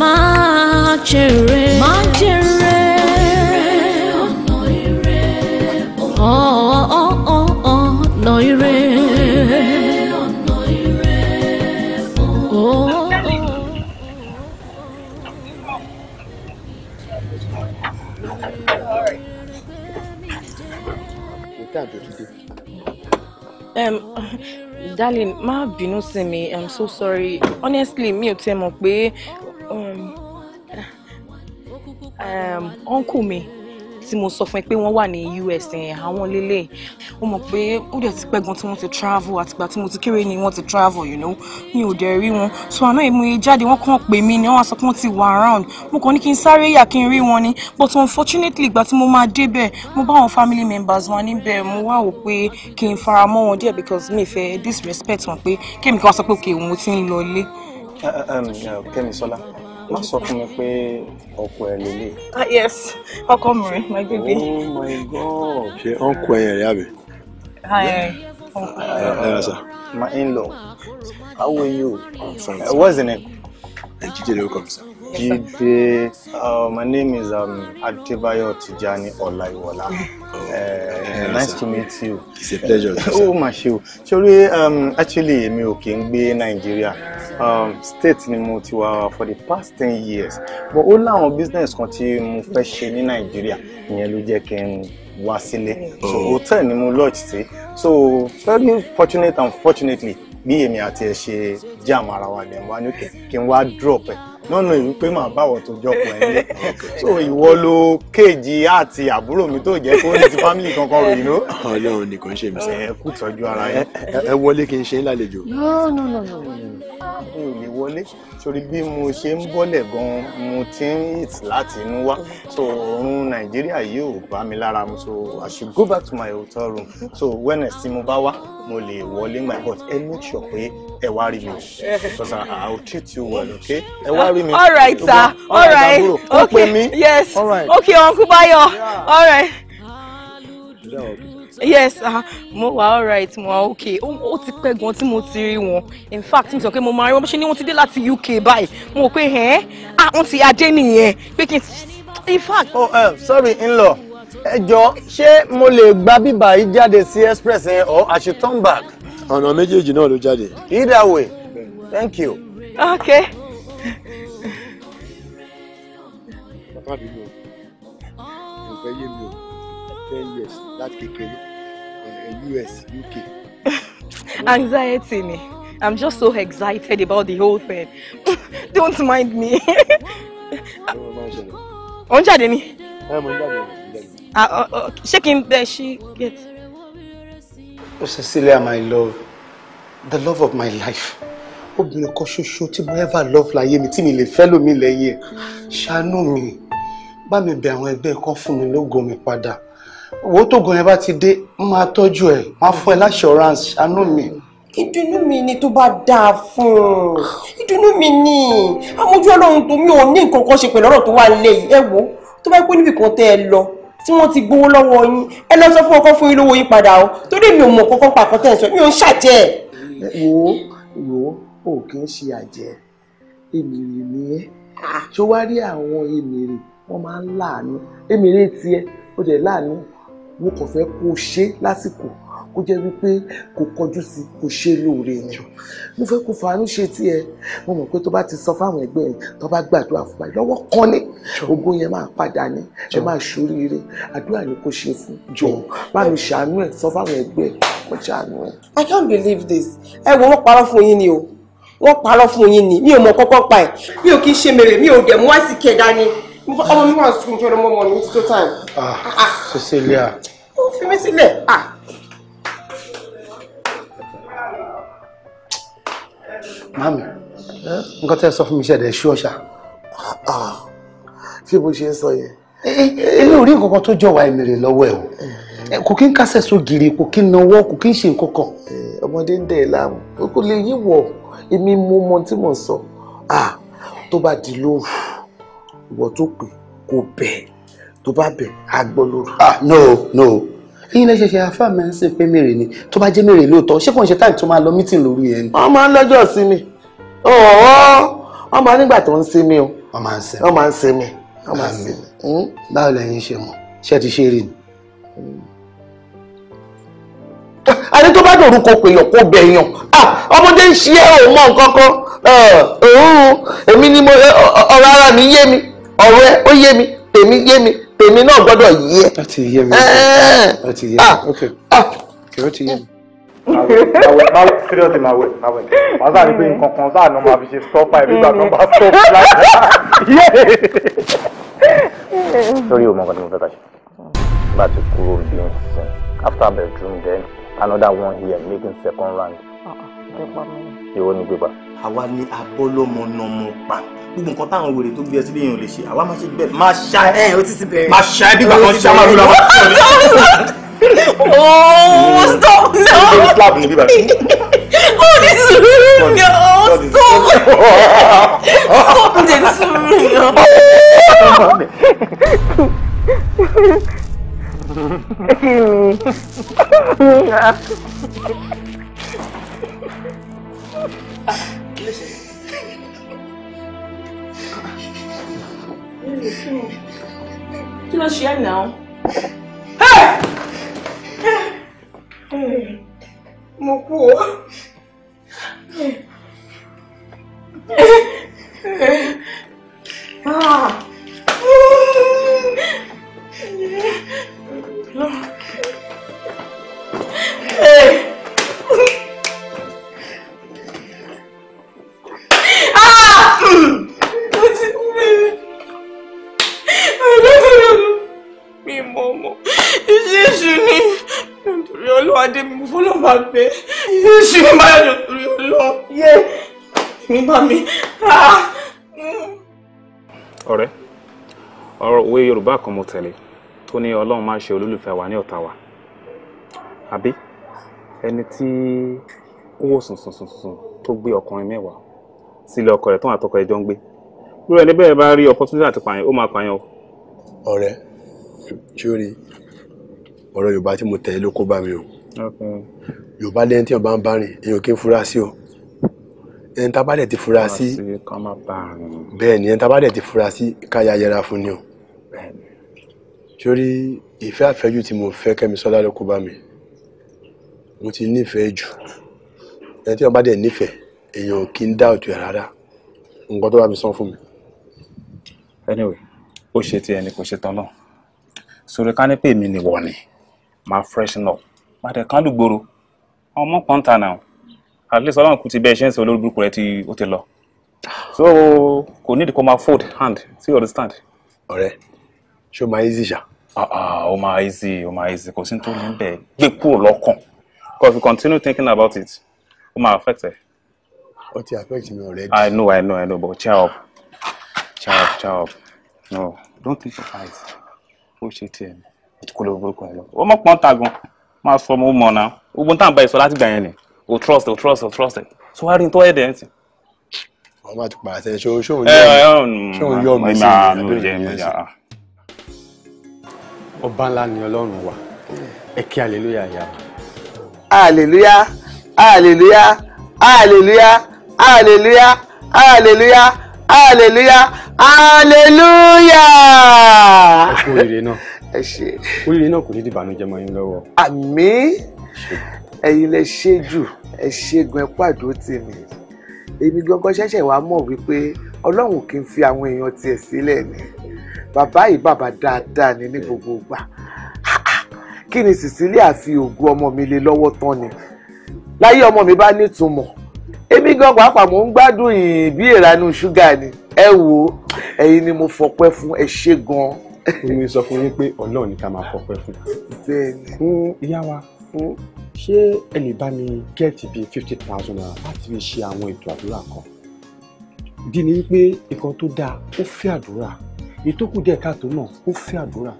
máa jèrè máa jèrè. darling má bínú sí mi i'm so sorry honestly mi ò tẹ́ mọ̀ pé um, um, uncle mi tí mo sọ fún ẹ pé wọ́n wà ní US yẹn àwọn lélẹ̀ ó mọ̀ pé ó dẹ̀ ti pẹ́ gan tí wọ́n ti travel àtìgbà tí mo ti kéré ni wọ́n ti travel you know mi ò dẹ̀ rí wọn so àná èmi jáde wọ́n kàn pè mí ni wọ́n wá sọ pé wọ́n ti wà around mo kàn ní kí n sáré yà kí n rí wọn ni but unfortunately ìgbà tí mo máa débẹ̀ mo bá àwọn family members wọn níbẹ̀ mo wá wò pé kí n fara mọ́ wọn díẹ̀ because mi fẹ́ disrespect wọn pé kémi kan sọ pé òkè òun ti ń lọ ilé. Uh, uh, um, uh, kẹ́mi sọlá má sọ fún mi pé ọkọ ẹ lélẹ̀. ah yes ọkọ mi rẹ my baby. oh my god ṣe ọkọ ẹ yẹn rẹ hi my in-law how are you. I'm fine. Uh, what's the name. ẹ jíjẹ lórúkọ mi sir. Jide. Uh, my name is um, Adebayo Tijani Olaiwola. uh, nice to meet you. It's a pleasure. oh, my shoe. Sorry, um, actually, èmi ò kí Nigeria. gbé Nàìjíríà. Um, state ni mo ti wà for the past ten years. But all our business kan tí mo fẹ́ ṣe ní Nàìjíríà. Ìyẹn ló jẹ́ kí n wá sílé. Oh. So hotel ni mo lodge sí. So very fortunate and fortunately bí èmi àti ẹ̀ ṣe jam ara wa ni wá ní kí n wá drop Eh lọ́nà ìwí pé màá báwọ̀ tó jọpọ̀ ẹ̀ ní so ìwọ ló kéèjì àti àbúrò mi tó jẹ́ kó ní ti family kankan rò yìí ló. Ọlọ́run nìkan ṣe mí sẹ. ẹ kú tọ́jú ara yẹn. ẹ wọlé kí n ṣe ń lálejò. no no no no mi ò lè wọlé sórí bí mo ṣe ń bọ́lẹ̀ gan mo ti ń hit láti inú wá so oorun nàìjíríà yìí bá mi lára mu so i should go back to my hotel room so wellness tí mo bá wá mo lè wọlé my but ẹ make sure pé ẹ wá rí mi because i will treat you well okay ẹ wá rí mi. all right sir all right okay yes okay uncle Bayo all right yes uh-huh. mo wà alright mo wà okay ó ti pẹ́ gan tí mo ti rí wọn in fact mi sọ pé mo máa rí wọn bó ṣe ní wọ́n ti dé láti UK báyìí mo rò pé ẹ̀ ah wọ́n ti adé nìyẹn pé kí n in fact. oh uh, sorry in-law ẹ jọ ṣé mo lè gba bíbà yìí jáde sí express yẹn eh, or I should turn back. ọ̀nà méjèèjì náà ló jáde. either way thank you. okay. bàbá mi lò ó fẹ́ yé mi láti kékeré eh, US UK. anxiety ni I'm just so excited about the whole thing don't mind me. ò ń jáde ni. ẹ eh, mo ah, oh, oh, ṣé kí n bẹ ṣí gate. Oh, Cecilia, my love, the love of my life. Obìnrin kan ṣoṣo tí mo ever love láyé mi tí mi lè fẹ́ lómi lẹ́yìn ẹ̀. Ṣàánú mi, bá mi bẹ̀ àwọn ẹgbẹ́ kan fún mi lógo mi padà wo tó gan yẹn bá ti dé wọ́n máa tọ́jú ẹ̀ wọ́n á fún ẹ láṣọ̀ránsì ṣàánú mi. ìdùnnú mi ni tó bá dáa fún un ìdùnnú mi ni amójú ọlọ́run tó mi ò ní nǹkan kan ṣe pẹ̀lú ọ̀rọ̀ tó wà lé yìí ẹ wo tó bá pé níbi kan tẹ́ ẹ lọ tí wọ́n ti gbowó lọ́wọ́ yín ẹ lọ sọ fún ọkọ fún yín lówó yín padà o torí mi ò mọ̀ kọ́kọ́ pa àkọ́tẹ́ ẹ̀ sọ mi ò ń ṣàjẹ́ ẹ̀. wo wo o kì í ṣe àjẹ́ èmìrì ni ẹ tó ah. wá rí àwọn èmìrì wọ́n máa ń láàánú èmìrì tiẹ̀ ó dẹ̀ láàánú mo kàn fẹ́ kó o ṣe lásìkò kó jẹ́ wípé kò kọjú sí kò ṣe lóore ni mo fẹ́ kó fàánú ṣe tí ẹ mo mọ̀ pé tó bá ti sọ fáwọn ẹgbẹ́ yẹn tó bá gbàdúrà fún wa lọ́wọ́ kan ní ogún yẹn máa padà ní ẹ máa ṣoríire àdúrà ni kò ṣe fún jọ bá mi ṣàánú ẹ sọ fáwọn ẹgbẹ́ mo ṣàánú ẹ. I can't believe this ẹ wo wọ́n parọ́ fún yín ni o wọ́n parọ́ fún yín ni mi ò mọ̀ kọ́kọ́ pa ẹ̀ mi ò kí ń ṣe mèrè mi ò dẹ̀ mú àìsíkẹ̀ dání ọmọ mi wà sùn kí ọmọ mi ní tó Ah, Cecilia. Ó fi mí sílẹ̀. Ah. Mami, nǹkan tẹ́ sọ fún mi ṣẹ̀dẹ̀ ṣú ọ̀ṣà. Ṣé ah, bó ṣe ń sọ yẹn? Eh, eh, eh, Ilé orí nǹkan kan tó jọ wà ìmìrì lọ́wọ́ ẹ̀ o. Kò kí ń kásẹ̀ sógiri, kò kí ń nawọ́, kò kí ń ṣe nǹkan kan. Ọmọdé ń dẹ̀ láàmú. Kò lè yíwọ̀, èmi mú ọmọ tí mò ń sọ. Ah, tó bá di lóru, ìwọ tó pè kò bẹ́ẹ̀ tó bá bẹ̀ á ah no no ẹ̀yin lẹ ṣẹ̀ṣẹ̀ àfáà máa ń sìn pé mèrè ni tó bá jẹ́ mèrè lóòótọ́ ṣé kò ń ṣe táì tó máa lọ mítìn lóru yẹn ni. wọ́n máa ń lọ́jọ́ sinmi wọ́n máa nígbà tó ń sinmi o wọ́n máa ń sinmi wọ́n máa ń sinmi wọ́n máa ń sinmi. Hmm? báwo lẹ̀yin ṣe mọ̀ ṣé ti ṣe rí ni. àní ah, tó bá dòru kò pèèyàn kò bẹ̀yàn ah, ọmọdé ń ṣe é ò mọ nǹkan kan eh, òórùn èmi ni mo ọ̀rọ̀ ara mi yé mi ọ̀rọ̀ ẹ ó yé mi tèmi yé mi tèmi náà gbọ́dọ̀ yí ẹ. láti yé mi láti yé mi ok ah. kì ah. ó ti yé mi. máa wẹ serious di máa wẹ máa wẹ máa sáà rí pé nǹkan kan sáà ló máa fi ṣe stop ẹ nígbà tó bá stop láì dá. sórí o mọ nǹkan mo fẹ́ ká ṣe bá ti kúrò bí n sin after bedroom then another one here making second round. Ah, ìwọ ni gbé bá. àwa ni abọ́lọ́mọ náà mo pa gbogbo nǹkan táwọn wèrè tó gbé ẹ sílé yẹn ò lè ṣe àwa máa ṣe bẹ́ẹ̀ máa ṣá ẹ ó ti ti bẹ̀rẹ̀ máa ṣá ẹ bí bàbá ṣá máa lula wọn. ooo oh, mm. stop no oh this is rude no stop stop this is rude no. Kí ni? não. mo tẹ̀lé tó ní ọlọ́run máa ṣe olólùfẹ́ wa ní ọ̀tá wa àbí ẹni tí ó wò sùn sùn sùn sùn tó gbé ọkùnrin mẹ́wàá sílé ọkọ rẹ̀ tó wà tọkọ rẹ̀ jọ ń gbé lórí ẹni bẹ́ẹ̀ bá rí opportunity àti pààyàn ó máa pààyàn o. ọ̀rẹ́ sórí ọ̀rọ̀ yorùbá tí mo tẹ̀lé ló kó bá mi o yorùbá lẹ́yìn tí ọba ń bá rìn èèyàn kì í fura sí o ẹni tá a bá dẹ̀ ti fura sí bẹ́ẹ̀ ni ẹni tá a bá dẹ̀ ti fura sí ká yẹra fún ni o torí ìfẹ́ àfẹ́jù tí mo fẹ́ kẹ́mi sọ́lá ló kó bá mi mo ti nífẹ̀ẹ́ jù ẹni tí wọ́n bá dẹ̀ nífẹ̀ẹ́ èèyàn ò kí dá òtún ẹ̀ rárá nǹkan tó bá mi sán fún mi. anyway ó ṣe tiẹ̀ ni kò ṣe tán náà sórí kánípè mi ni wọ̀ ni máa fresh up máa dẹ̀ kán lùgbòrò àwọn ọmọ kan ń ta náà at least ọlọ́run kù ti bẹ́ẹ̀ ṣe ń sọ olórí rẹ tí ó ti lọ so kò ní ìdíkọ́ máa fold hand sí understand. ọ̀rẹ́ ṣó máa easy ṣá. Ah, ah, ó máa easy ó máa easy kò sí tó ní gbé kúrò lọ́kàn because if you continue thinking about it ó máa affect ẹ. ó ti affect me already. i know i know i know but cheer up cheer up cheer up no don't think of it ó ṣe tiẹ̀ ní kó lè burúkú ẹ lọ ó mọ̀ pọ́n tagun máa sọ ọmọ ó mọ̀ náà ogun tá à ń bá ẹ láti gbà yẹn ni o trust o trust o trust ẹ so wá rí n tó ẹ̀ dẹ̀ ẹ̀ tì wọ́n bá ti pàṣẹ ṣóun eh, yọ mí eh, mm, mm, mm, sí ìyá bẹ́ẹ̀ ni ẹ̀ sọ ọba ńlá ni ọlọ́run wa ẹ kí aleluya yá. aleluya aleluya aleluya aleluya aleluya aleluya aleluya. ẹ kú oríire náà ẹ ṣe. oríire náà kò ní dìbànújẹ́ mọ́ yín lọ́wọ́. àmín ẹ̀yin lẹ ṣe jù ẹ ṣẹ́gun ẹ pàdó tèmi èmi gangan ṣẹ̀ṣẹ̀ wàá mọ̀ wípé ọlọ́run kì í fi àwọn èèyàn tiẹ̀ sílẹ̀ ni bàbá yìí bàbá dáadáa ni ní gbogbo ìgbà kí ni Cecilia fi ògùn ọmọ mi lé lọ́wọ́ tán ni láyé ọmọ mi bá nítumọ̀ èmi gan pàápàá mò ń gbádùn ìbí ìranú ṣúgà ni ẹ wo ẹ̀yin ni mo fọpẹ́ fún ẹ ṣé gan. mi sọ fún yín pé Ọlọ́run ni ká máa fọpẹ́ fún. bẹ́ẹ̀ni. fún ìyá wa hmm? ṣé ẹ lè bá mi gẹ́ẹ̀tì bíi fifty thousand naira láti fi ṣe àwọn ètò àdúrà kan. ìdí ni wípé nǹkan tó dáa ó fẹ́ àdúrà ètò kù díẹ̀ káàtó náà ó fẹ́ àdúrà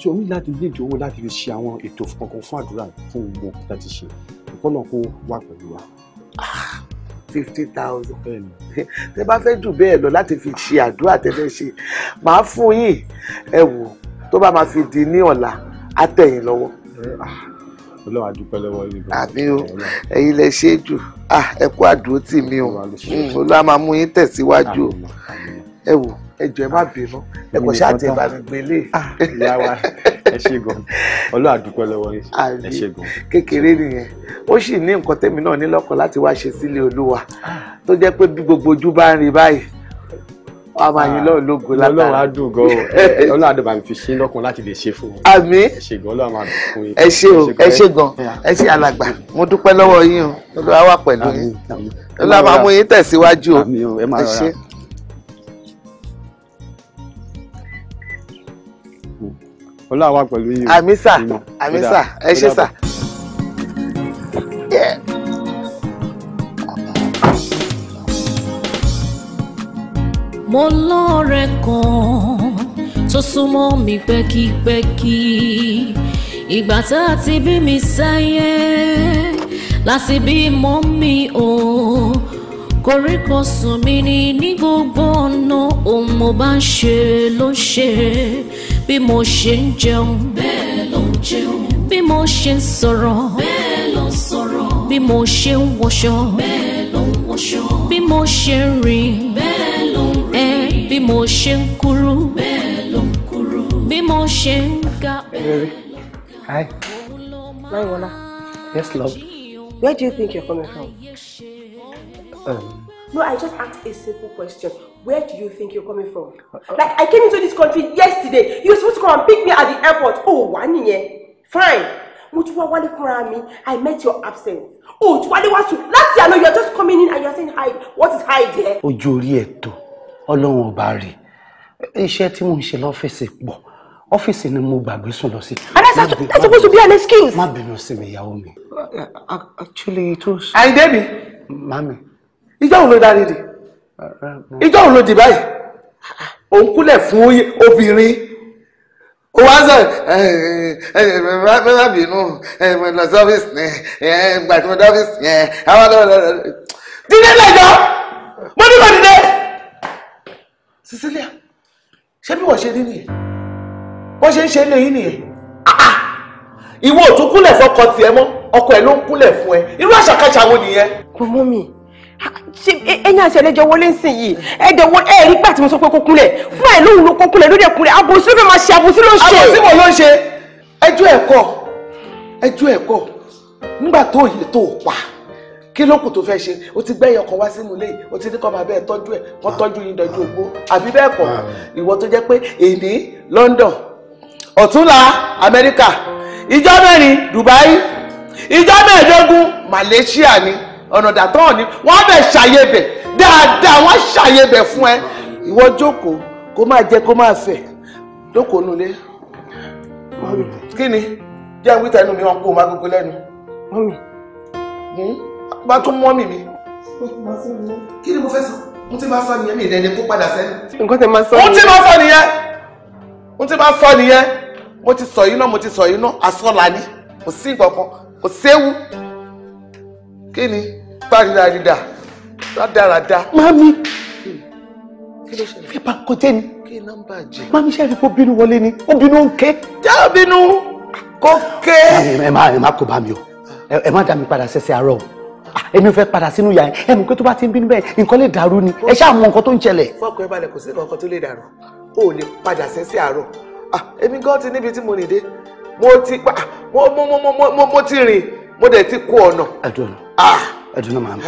so o ní láti lè dí owó láti fi ṣe àwọn ètò kankan fún àdúrà fún gbogbo òkúta ti ṣe ìkọ́nà kó wà pẹ̀lú wa. Ah, fifty thousand tẹ bá fẹ́ jù bẹ́ẹ̀ lọ láti fi ṣe àdúrà tẹ fẹ́ ṣe màá fún yín ẹ wò tó bá máa fi di ní ọ̀la á tẹ̀yìn lọ́wọ́ ah, ọlọ́run àdúpẹ́ lọ́wọ́ yìí. àbí o ẹ̀yin lẹ ṣe jù ah, ẹ àdúró tì mí o mm, olúwa máa mú yín tẹ̀síwájú o ẹ wò ẹjọ ẹ má bínú ẹ kò ṣáà ti bá mi gbélé. Ah, ìyáwá ẹ ṣe gan Ọlọ́run àdúpẹ́ lọ́wọ́ yìí ẹ ṣe gan. kékeré nìyẹn ó sì ní nǹkan tẹ́mi náà ní lọ́kàn láti wá ṣe sílé olúwa ah. tó jẹ́ pé bí gbogbo ojú bá ń rí báyìí a máa ah. yin lọ́ọ̀ lógo látara ọlọ́run á dùn gan o ọlọ́run àdùnbà mi fi ṣe lọ́kàn láti lè ṣe fún un. àmín ẹ ṣe gan ọlọ́run máa dùn fún yín. ẹ ṣe o ẹ ṣe gan ẹ ṣe alàgbà mo dúpẹ́ lọ́wọ́ yín o olúwa wà pẹ̀lú yín olúwa máa mú yín tẹ̀síwájú o ẹ ṣe. ọlọ́run wà pẹ̀lú yìí. àmì sà àmì sà ẹ ṣé sà. mo lọ́rẹ̀ kan tó súnmọ́ mi pẹ́kípẹ́kí ìgbà tá a ti bí mi sáyé láti bí mọ́ mi o koríko sùn mi ni ní gbogbo ọ̀nà ohun mo bá ń ṣe ló ṣe bí mo ṣe ń jẹun bẹ́ẹ̀ ló ń jẹun bí mo ṣe ń sọ̀rọ̀ bẹ́ẹ̀ ló ń sọ̀rọ̀ bí mo ṣe ń wọṣọ bẹ́ẹ̀ ló ń wọṣọ bí mo ṣe ń rìn bẹ́ẹ̀ ló ń rìn bí mo ṣe ń kúrú bẹ́ẹ̀ ló ń kúrú bí mo ṣe ń ga bẹ́ẹ̀ ló ń ga. Hi. Maiwala. Yes, love. Where do you think you're coming from? Um, no, I just ask a simple question. Where do you think you're coming from? Like, I came into this country yesterday. You're supposed to come and pick me at the airport. Oh, one year. Fine. Mo tún wá wálé I met your absence. Oh, Tuwale wá Last year, no. you're just coming in and you're saying hi. What is hi there? Ojú orí ẹ̀tọ́, Ọlọ́run ọba rè. Iṣẹ́ tí mo ń ṣe Office pọ̀. Ọ́fíìsì ni mo And that's, that's supposed to be an excuse. Má bínú sí mi, ìyàwó mi. Uh, uh, actually, it was. Àyìndé Debbie? Màmí. Ìjọ́ òun ló dárí lady ìjọ òun ló di báyìí òun kúnlẹ̀ fún obìnrin ó wá sọ bàbá bínú lọ sọ́fíìsì ni gbà tí mo dọ́fíìsì yẹn àwọn ọlọ́run dídé lẹ́jọ́ mo ní kò dídé Cecilia ṣé bí wọ́n ṣe rí nìyẹn wọ́n ṣe ń ṣe lẹ́yìn nìyẹn ah, ah. ìwọ ò tún kúnlẹ̀ fọkọ tiẹ̀ mọ́ ọkọ ẹ̀ ló ń kúnlẹ̀ fún ẹ irú àṣàkáṣà wo nìyẹn. kò mọ́ mi ẹ̀yin àti ẹlẹ́jọ́ wọlé ń sìn yìí ẹ̀jọ̀ wọlé ẹ̀ rí gbà tí mo sọ pé kó kúnlẹ̀ fún ẹ̀ lóhùn ló kó kúnlẹ̀ lóde kúnlẹ̀ àbòsí ló fẹ́ máa ṣe àbòsí ló ń ṣe. àbòsí wo ló ń ṣe ẹjọ́ ẹ̀kọ́ ẹjọ́ ẹ̀kọ́ nígbà tó yẹ tó pa kí ló kù tó fẹ́ ṣe o ti gbẹ́yìn ọkọ̀ wá sínú ilé o ti ní kọ́ máa bẹ́ẹ̀ tọ́jú ẹ̀ wọ́n tọ́jú yín dọ̀jú ògbó àbí bẹ́ẹ̀ kọ́ ìwọ tó jẹ́ pé èdè London ọ̀túnla Amẹ́ríkà ìjọ mẹ́rin Dubai ìjọ mẹ́ẹ̀ẹ́dógún Malaysia ni ọ̀nà dàtọ́ òní wọ́n bẹ̀ ṣàyẹ̀bẹ̀ dáadáa wọ́n ṣàyẹ̀bẹ̀ fún ẹ ìwọ jókòó kó máa jẹ kó máa fẹ̀ jókòó nulẹ̀ kí ni jẹ́ wíta inú mi wọn kó máa gbogbo lẹ́nu hmm? bá tún mọ́ mi mi kí ni mo fẹ́ sọ mo ti máa sọ nìyẹn mi ìdẹ́ni kó padà sẹ́nu. nǹkan tẹ máa sọ nìyẹn. mo ti máa sọ nìyẹn mo ti máa sọ nìyẹn mo ti sọ yín náà mo ti sọ yín náà asọ́la ni kò sí nǹkan kan kò séwu kí ni parídàrídà rádaràda. mami fipá kọjá ni mami ṣe é rí kó bínú wọlé ni ó bínú ó ń ké. já bínú kó ké. ẹ má ẹ má kó bá mi o ẹ má dá mi padà sẹsẹ àárọ̀ o ah, èmi ò fẹ́ padà sínú yàrá ẹ mọ̀ pé tó bá ti ń bínú bẹ́ẹ̀ nǹkan lè dàrú ni ẹ ṣáà mọ nǹkan tó ń ṣẹlẹ̀. fọkàn ẹ balẹ̀ kò sí nǹkan tó lè dàrú o ò lè padà sẹ́sẹ̀ àárọ̀ ah, èmi gan ti níbi tí mo rìn dé mo ti pa ah, mo mo mo mo mo ti rìn mo dẹ̀ ti kó ọ̀nà. àdúrà ẹdùnú màmí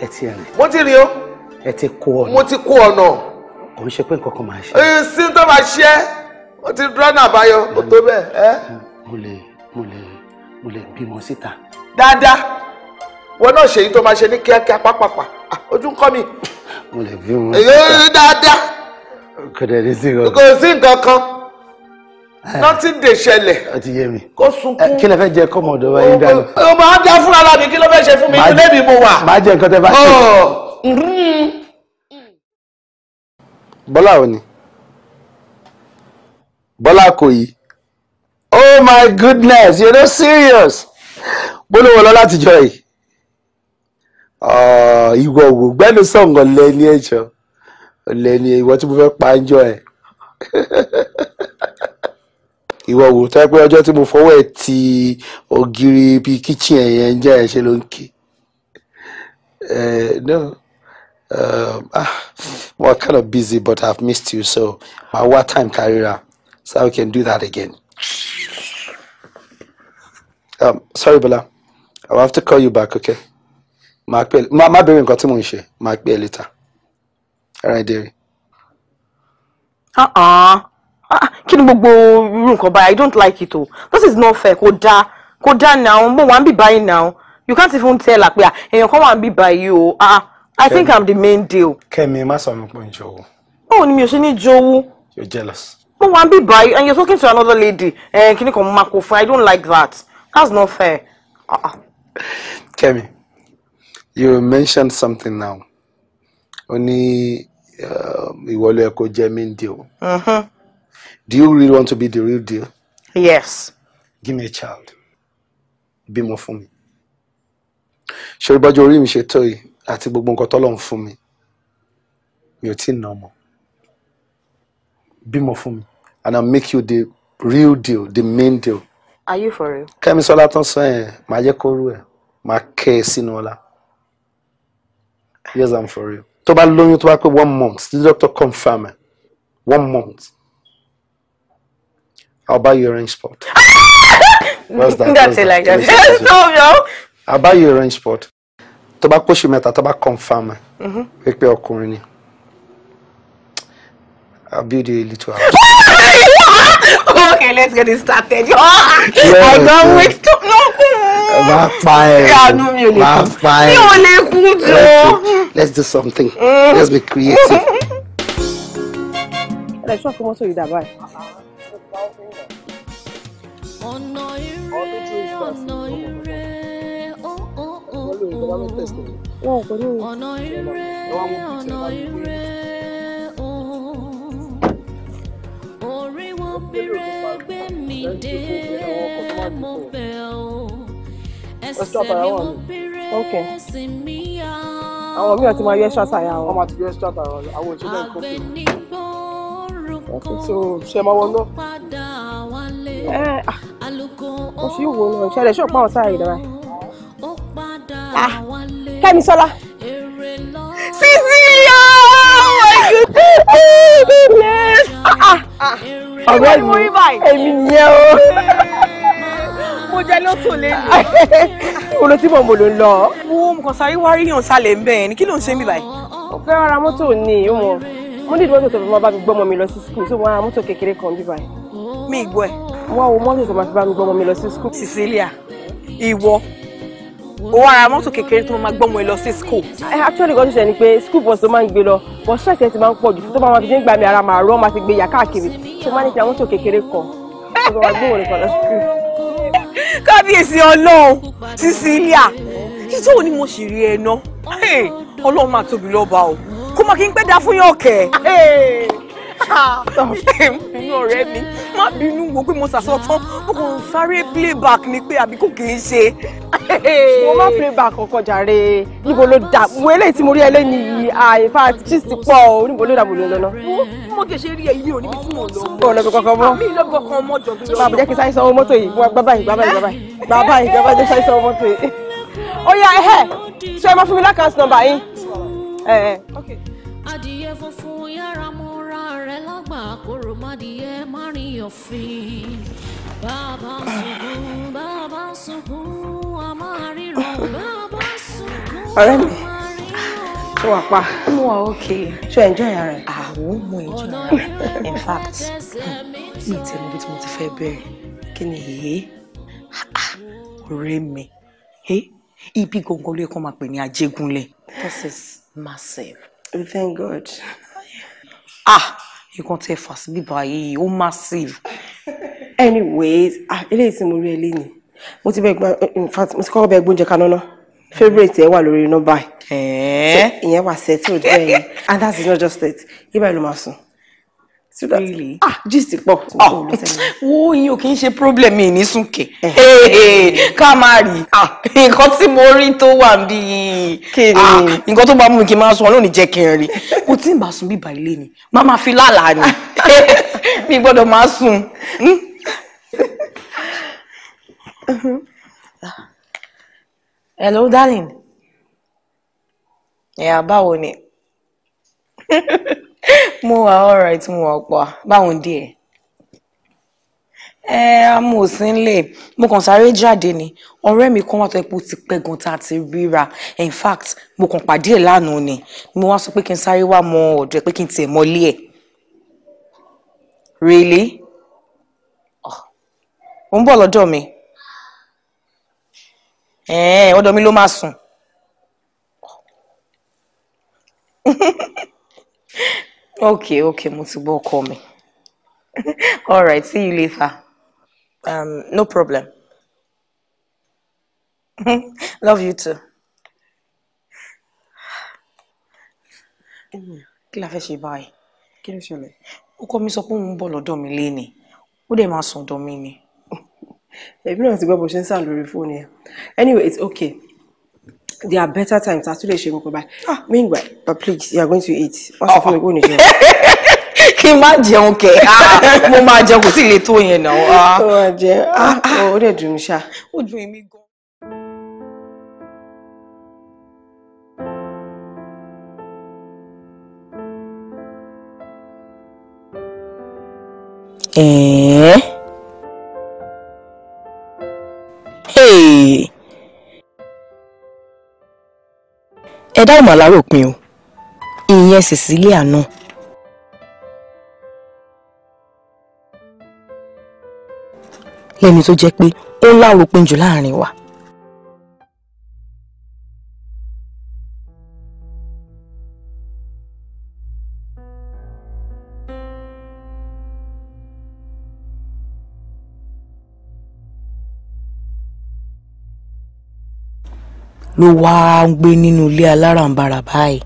ẹ ti rìn. mo ti rìn o. ẹ ti kó ọ̀nà. mo ti kó ọ̀nà. kò ń ṣe pé nǹkan kan máa ṣe. ẹ sí tó máa ṣe é ó ti dúrọ́nà àbáyọ kò tó bẹ́ẹ̀. mo lè mo lè mo lè bímọ síta. dáadáa wọn náà ṣèyí tó máa ṣe ní kíákíá pápápá ah, ojú ń kọ́ mi. mo lè bímọ síta. èyí ó rí dáadáa. kò dẹ̀ ní sí nǹkan kan. kò sí nǹkan kan. Eh. nọtí dè ṣẹlẹ̀ kó sunkún eh, kí lè fẹ́ jẹ kọ́mọ ọ̀dọ̀ wa yín dáná. Eh, o ma dá fúnra la mi kí ló fẹ́ ṣe fún mi ilé mi mo wà. máa jẹ nǹkan tẹ bá ṣe. Oh. bọ́lá ò ní bọ́lá kò yí oh my goodness you no serious bólówó lọ láti jọ yìí ah, ìwọ wò gbẹ́nu sọ̀ngàn lẹ́ni ẹ̀jọ̀ lẹ́ni ìwọ tí mo fẹ́ pa ń jọ ẹ̀. ìwọ wò tó yẹ pé ọjọ́ tí mo fọwọ́ ẹ̀ ti ògiri bíi kíchìn ẹ̀yẹ ń jẹ́ ẹ̀ ló ń ké no um, ah, well, kind of busy but I've missed you so my what time carrier so we can do that again um, sorry Bola I will have to call you back okay máa pè ma, bèrè nǹkan tí mò ń ṣe máa pè é later all right dear. uh oh ah kí ni gbogbo irú nǹkan báyìí i don't like it o this is not fair kò dáa kò dáa now mo wà be bì now you can't even tell àpè à ah, èèyàn kan wà be buy you. o ah, ah i think i'm the main deal. kẹmi má sọ mi pé n jowó. báwo ni mi ò ṣe ní jowó. you're jealous. mo wà be buy báyìí and you're talking to another lady eh, kí ni kan mo máa kó fún i don't like that that's not fair. Ah. ah. kẹmi you mentioned something now o ní eh, ìwọlé ẹ kó jẹ main deal. Uh mm-hmm. -huh. Do you really want to be the real deal? Yes. Give me a child. Be more for me. ìbọ́jú orí mi ṣe tó yìí àti gbogbo nǹkan tọ́lọ́run fún mi? Mi ò tí ì ná ọmọ. Bímọ And I'll make you the real deal, the main deal. Are you for real? Kemi Sọlá tán sọ ẹ̀ máa jẹ́ kó rú ẹ̀ máa kẹ́ ẹ sínú ọlá. Yes, I'm for real. To bá lóyún tó bá pé one month, the doctor confirm ẹ̀ one month. I'll buy you a rain spot. What's that? That's it like that. Listen, Stop, yo. I'll buy you a rain sport. Tó bá kóṣù mẹ́ta to bá confirm ẹ̀ mm-hmm. pé ọkùnrin ni. I'll build you a little house. okay, let's get it started. yeah, I don't yeah. wait to know. Ma pa Ma Àánú mi ò lè kú. Máa Let's do something. Mm. Let's be creative. Let's talk about ọkọ mọ́tò yìí thousand naira. ọ̀nà ire ọ̀nà ire ọ̀nà ire ọ̀nà ire orí wọn bèrè gbé mi dé mo bẹ̀ ọ́ ẹsẹ̀ mi mo bèrè sí mi yá. àwọn míràn ti máa yẹ ṣàtàyà wọn. wọn máa ti yẹ ṣàtàyà wọn àwọn òṣèlú ẹ̀kọ́ kìí ok so ṣe máa wọnú. ẹ ah, ẹ mo ṣì ń wo náà ṣẹlẹ̀ ṣọ́ọ̀pù àwọn sáà yìí dára. Ah, Kẹ́mi Sọ́lá. Cecilia! Oh ah, Ọ̀rẹ́ mi, èmi nìyẹn o. Mo jẹ lóto lé mi. Olo tí mo mò ló ń lọ. Wo nǹkan sáré wá rí yàn sálẹ̀ ń bẹ̀ ẹ́ ni kí ló ń ṣe mí báyìí? Ó fẹ́ ra mọ́tò ni, ó mọ̀ mo ní ìdíwọ́tò tó fi máa bá mi gbọ́mọ mi lọ sí skul tó máa mọ́tò kékeré kan bí báyìí. mi ìgbọ́ ẹ̀. wọ́n wo mọ́tò tó máa fi bá mi gbọ́mọ mi lọ sí skul. Cecilia ìwọ o wa ra mọ́tò kékeré tó máa gbọ́mọ ẹ lọ sí skul. ẹ eh, actually kan tó ṣe ni pé skul bus tó máa ń gbé lọ but stress ẹ ti máa ń pọ̀ jù tó máa fi dé gbà mí ara màá rọ́ máa fi gbé yà káàkiri tó máa ní kí ra mọ́tò kékeré kan tó máa gbọ́mọ rẹ̀ padà skul. kábíyèsí ọlọ́run Cecilia ìjọ́ wo ni mo sì rí ẹ ná ọlọ́run máa tóbi lọ́ba o kó mọ kí n pé da fún yín ọ̀kẹ́. inú ọ̀rẹ́ mi má bínú wo pé mo sàsọ tán mo kàn sáré playback ni pé àbí kò kì í ṣe. mo má playback ọkọ jàre níbo ló dà mo eléyìí tí mo rí ẹlẹ́ni yìí àìfà gist pọ̀ níbo ló dà mo lọ náà. mo kì í ṣe rí èyí o níbi tí mo lọ mọ. kankan mọ́ àmì ìlọ́gbọ̀n kan mọ́ jọ bí lọ́wọ́. jẹ́ kí sáyé sanwó mọ́tò yìí bàbá báyìí bàbá yìí bàbá yìí bàbá jẹ́ sáyé sanwó mọ́tò yìí. ó yá ẹ̀hẹ́ ṣé ẹ máa fún mi lákàtúntàn báyìí adìyẹ funfun yára múra rẹ lágbà kóró mádìyẹ márìn ọ̀fìn bàbá ń sunkún bàbá sunkún a máa ríran bàbá sunkún a máa ríran ṣe wà pa. mo wà ókè. ṣe enjoy ara rẹ. àwọn mo enjoy rẹ in fact mi ti mọ bí mo ti fẹ́ bẹ̀rẹ̀ kí ni èyí ọ̀rẹ́ mi ibi gbọ̀ngàn ló yẹ kó máa pè ní ajégúnlẹ̀ this is massive. Thank God. Ah, you tẹ fà fast. bíbá yìí, ó massive. Anyways, ah, it is mo rí ẹ lénìí. in fact, Must call back. Bunja gbóúnjẹ Favorite náà favourite ẹ know by. Eh? báyìí. ìyẹn wà settled bẹ́ẹ̀ ni and that's not just it ibà ló máa sùn so that really? ah gist pọ̀ ah wo iyin o kì í ṣe problem mi ní súnkẹ eh. eh, eh, ká máa rí ah nǹkan tí mo rí tó wà ń bí ah nǹkan tó bá mú mi kí n máa sùn ọlọ́ọ̀ni jẹ́ kí n rí mo ti ń bá sùn bí ìbà ilé ni má máa fi lálàá ni mi gbọ́dọ̀ máa sùn. Hmm? hello darling ẹ̀yà báwo ni mo wà alright mo wà ọ̀pọ̀ báwọn díẹ̀ ẹ mo ò sí mo kàn sáré jáde ni ọ̀rẹ́ mi kan wà tó epo ti pẹ́ gan tá ti ríra in fact mo kàn pàdé ẹ̀ lánàá ni mo wá sọ pé kí n sáré wá mọ ọ̀dọ̀ ẹ̀ pé kí n tiẹ̀ mọ́lé ẹ̀ really ò ah. ń bọ̀ lọ́dọ̀ mi ọ̀dọ̀ mi ló máa sùn. okay okay mo ti gbọ́ ọkọ mi all right see you later um, no problem love you too. kí la fẹ́ ṣe báyìí. kí ló ṣẹlẹ̀. ọkọ mi sọ pé òun ń bọ̀ lọ́dọ̀ mi léni ó dẹ̀ máa sùn ọ̀dọ̀ mi ni. èmi náà ti gbọ́ bó ṣe ń sà lórí fóònù yẹn anyway it's okay there are better times àti lè ṣe nǹkan báyìí ah meanwhile but please you are going to eat wọ́n sọ fún mi kó ní jẹun. kí n má jẹun kẹ ah, mo máa jẹun kò sí ilé tó yẹn náà. ó máa jẹ ó dẹ̀ dùn mí ṣá. ó dùn èmi gan. ẹ̀ẹ́. ẹ̀dá ìmọ̀ àlárò pin o ìyẹn Cecilia náà. lẹ́ni tó jẹ́ pé ó ń láwòpin jù láàrin wa. ló wáá ń gbé nínú ilé aláràǹbarà báyìí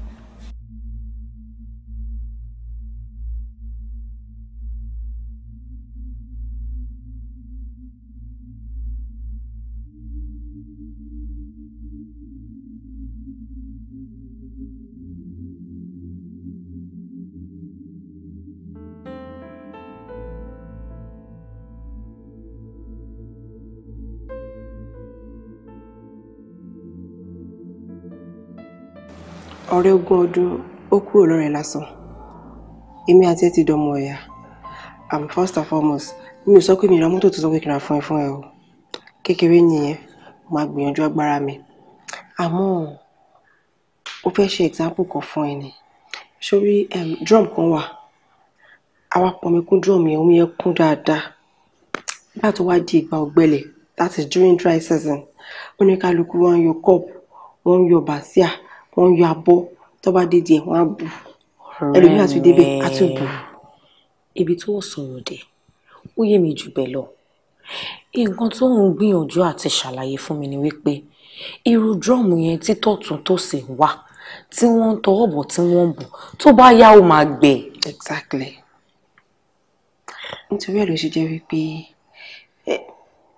ọ̀rẹ́ ogún ọdún ó kúrò lọ́rẹ̀ lásán èmi àti ẹ ti dọmọ ọ̀yà am first and foremost mi ò sọ pé mi ra mọ́tò tó sọ pé kí n ra fún ẹ fún ẹ o kékeré nìyẹn máa gbìyànjú agbára mi àmọ́ ó fẹ́ ṣe example kan fún ẹ ni sórí drum kan wà awakọ̀ mi kún drum yẹn omi yẹn kún dáadáa nígbà tó wá di ìgbà ọ̀gbẹlẹ̀ that is during dry season oníkálukú wọn ń yọ cup wọn ń yọ bàsíà wọ́n yọ abọ́ tó bá dé díẹ̀ wọ́n á bù ẹlòmíì àti débẹ̀ á bù. ibi tó o sọ̀rọ̀ dé ó yé mi jù bẹ́ẹ̀ lọ nǹkan tó ń gbìyànjú àti ṣàlàyé fún mi ni wípé irú drum yẹn títọ̀ tún tó sì wà tí wọ́n ń tọwọ́ bọ̀ tí wọ́n ń bù tó bá yá ó máa gbẹ. exactly nítorí ẹ ló ṣe jẹ́ wípé eh,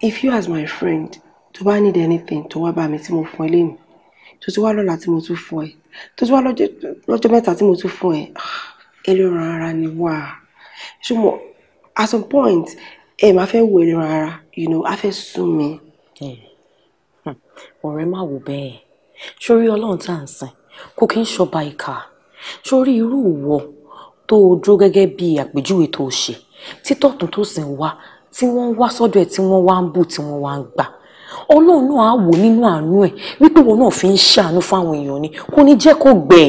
if you as my friend tó bá need anything tó wá bá mi tí mo fún ẹ lẹ́yìn tó ti wá lọ́la tí mo tún fún ẹ tó ti wá lọ́jọ́ mẹ́ta tí mo tún fún ẹ ah, ẹlẹ́ran ara ni wà ṣùgbọ́n at some point ẹ máa fẹ́ wo ẹlẹ́ran ara you know a fẹ́ sún mi. Hm, ọ̀rẹ́ má wò bẹ́ẹ̀ sórí ọlọ́run tá à ń sìn kò kí ń ṣọba ìkà sórí irú ìwọ tó o dúró gẹ́gẹ́ bí àpèjúwe tó o ṣe títọ̀tún tó sì ń wá tí wọ́n ń wá sọ́dọ̀ ẹ̀ tí wọ́n wá ń bù tí wọ́n wá ń gbà ọlọ́run náà á wò nínú àánú ẹ̀ wípé wọn náà fi ń ṣàánú fáwọn èèyàn ni kò ní jẹ́ kó gbẹ.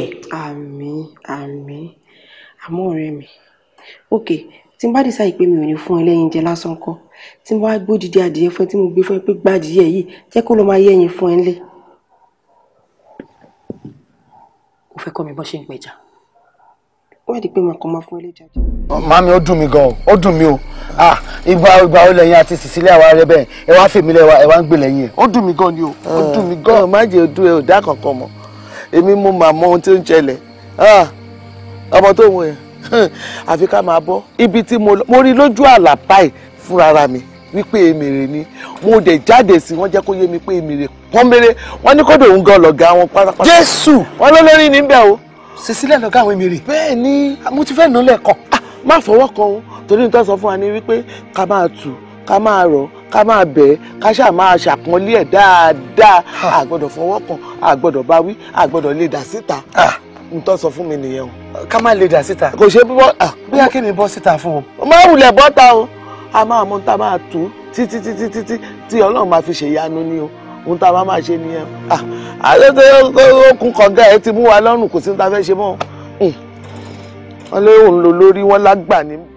àmín àmín àmọ́ ọ̀rẹ́ mi ok tí n bá dì sáyé pé mi ò ní fún ẹ lẹ́yìn jẹ lásán kọ́ tí n bá gbódìdí adìyẹ fún ẹ tí mo gbé fún ẹ pé gbàdìyẹ yìí jẹ́ kó lọ máa yẹ ẹyin fún ẹ ńlẹ̀. o fẹ́ kọ́ mi bọ́ ṣe ń pẹja wá di pé màá kọ́ máa fún ilé jáde. màámi ó dùn mí gan ó dùn mí o ah ìgbà ìgbà ó lẹ́yìn àti Cecilia wa rẹ bẹ́ẹ̀ ẹ wá fèmí lẹ́wà ẹ wá ń gbé lẹ́yìn ó dùn mí gan ni o ó eh, dùn mí gan. Eh, má jẹ́ ojú ẹ ò dá kankan mọ́ èmi mo máa mọ ohun tí ó ń ṣẹlẹ̀ ah, ọmọ tó wọ yẹn àfi ká máa bọ́ ibi tí mo lọ mo rí lójú àlá báyìí fúnra mi wípé èmèrè ni mo dẹ̀ jáde sí wọ́n jẹ́ kó yé mi pé èmèrè pọ́nmẹ́rẹ́ wọ́n ní kódò ń gan lọ̀gá wọn pátápátá. jésù wọn ló lórí níbẹ̀ o Cecilia lọ́gá àwọn èmi rè. bẹ́ẹ̀ ni mo ti fẹ́ nà lẹ́ẹ̀kan. Ah, má fọwọ́ kan o torí nítorí sọ fún wa ni wípé ká máa tù ká máa rọ̀ ká máa bẹ̀ ká ṣáà máa ṣàpọ́nlé ẹ̀ dáadáa àgbọ́dọ̀ fọwọ́ kan àgbọ́dọ̀ bá wí àgbọ́dọ̀ lè dà síta ntọ́ sọ fún mi nìyẹn o. ká má lè dà síta. kò ṣe bí bọ́ bóyá kí mi bọ́ síta fún o. má wulẹ̀ bọ́ta o a máa mú ta máa tù máa fi ṣèyanu ohun tá a bá máa ṣe nìyẹn ah, àti tó okùn kọ̀ǹga ẹ̀ ti mú wa lọ́rùn kò sí ní ta fẹ́ ṣe mọ́ hmm. wọn lé òun lò lórí wọn lágbà níbẹ̀.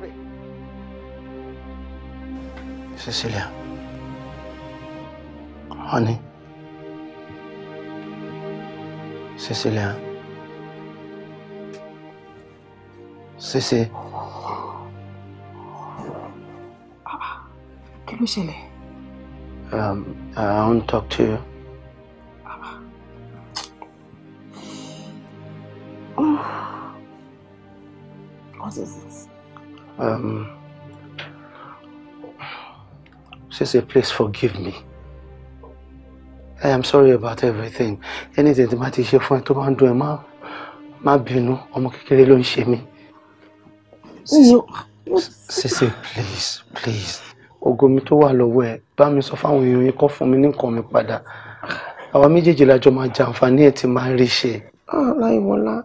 Cecilia honey Cecilia Cecilia. kí ló ṣẹlẹ̀. Um, I want to talk to you. What is this? Um, Sissy, please forgive me. I am sorry about everything. Anything that ma ti ṣe fún ẹ tó do it dùn ẹ́ má má bínú ọmọ kékeré Sissy, please, please ògo tó wà lọ́wọ́ ẹ̀ bá mi sọ fáwọn èèyàn yín kọ́ fún mi ní nǹkan mi padà àwa méjèèjì lájọ máa jàǹfààní ẹ̀ tí máa rí ṣe. Ah, Láìwọlá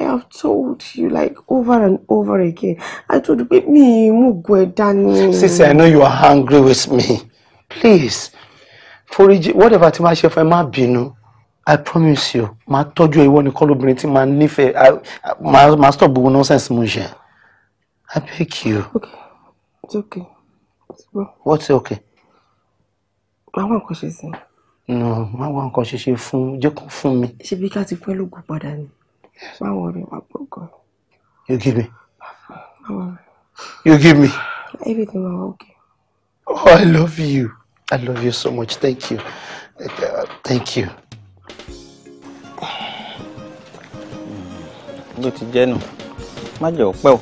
I have told you like over and over again I told you pé mi mú gun ẹ̀ dání. Sisi I know you are angry with me please foríjì whatever ti máa ṣe fún ẹ má bínú. I promise you, máa tọ́jú ìwọ nìkan lóbìnrin tí máa nífẹ̀ẹ́, máa stop gbogbo nonsense mo ṣe. I beg you. Okay, it's okay what's okay. máa wá nǹkan ṣe sí no máa wá nǹkan ṣe ṣe fún jẹ́kọ̀ fún mi. ṣebí ká ti pẹ́ lóògùn padà ni máa wọ rẹ̀ máa gbọ́ngàn. you give me. you give me. everything wa okay. oh i love you i love you so much thank you thank you. bó ti jẹ́ nù má jẹ́ òpẹ́ o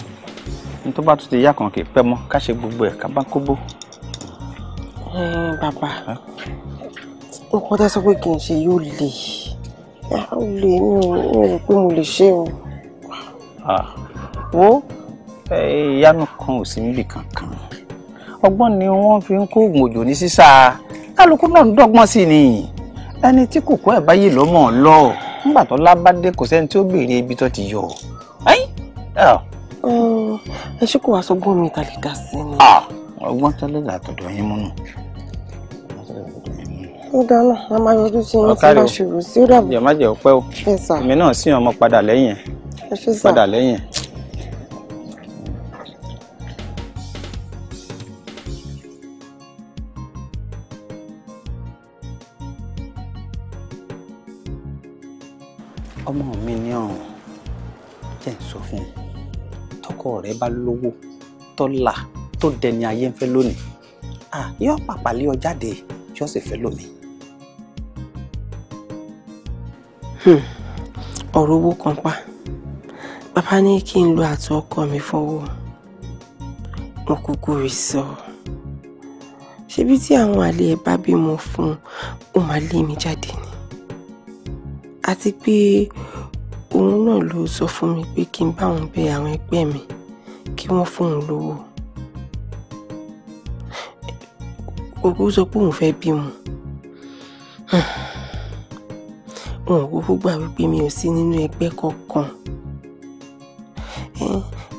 ní tó bá tún ti yá kan kì í pẹ́ mọ́ ká ṣe gbogbo ẹ̀ ká bá kóbó. bàbá ó kọ́ dá sọ pé kì í ṣe yóò le ó lè mi ò rò pé mo lè ṣe o. wo ìyanu kan ò sí níbì kankan ọgbọ́n ni wọ́n fi ń kó oògùn òjò ní sísá kálukú náà ń dọ́gbọ́n sí ni ẹni tí kòkó ẹ̀ báyìí lọ́mọ̀ lọ nígbà tó lábàdé kò sẹ́ni tí ó béèrè ibi tó ti yọ ẹ ṣé kò wá sọgbọ́n mi ta lè dá sí ni. Ah, ọgbọ́n tẹ́lẹ̀ látọ̀dọ̀ yín múnú. ó dáná a máa yọjú sí yín tí bá ṣòro sí ó dàbọ̀. ìyá má jẹ́ ọpẹ́ o èmi náà sì ọmọ padà lẹ́yìn ẹ̀ padà lẹ́yìn ẹ̀. ọmọ mi ní ọ̀run jẹ́ ń sọ fún un tọkọ rẹ̀ bá lówó tọ́lá tó dẹni ayé ń fẹ́ lónìí à yóò pàpà lé ọ jáde yóò sì fẹ́ lómi. Hmm. ọ̀rọ̀ owó kan pa bàbá ní kí n lo àtọ̀ ọkọ mi fọwọ́ mo kúkú rí sọ ṣebí tí àwọn àlè ẹ bá bímọ fún ó máa lé mi jáde ni àti pé òun náà ló sọ fún mi pé kí n bá òun bẹ àwọn ẹgbẹ́ mi wọ́n fún òun lówó òkú sọ pé òun fẹ́ bímọ òun kúkú gbà wípé mi ò sí nínú ẹgbẹ́ kankan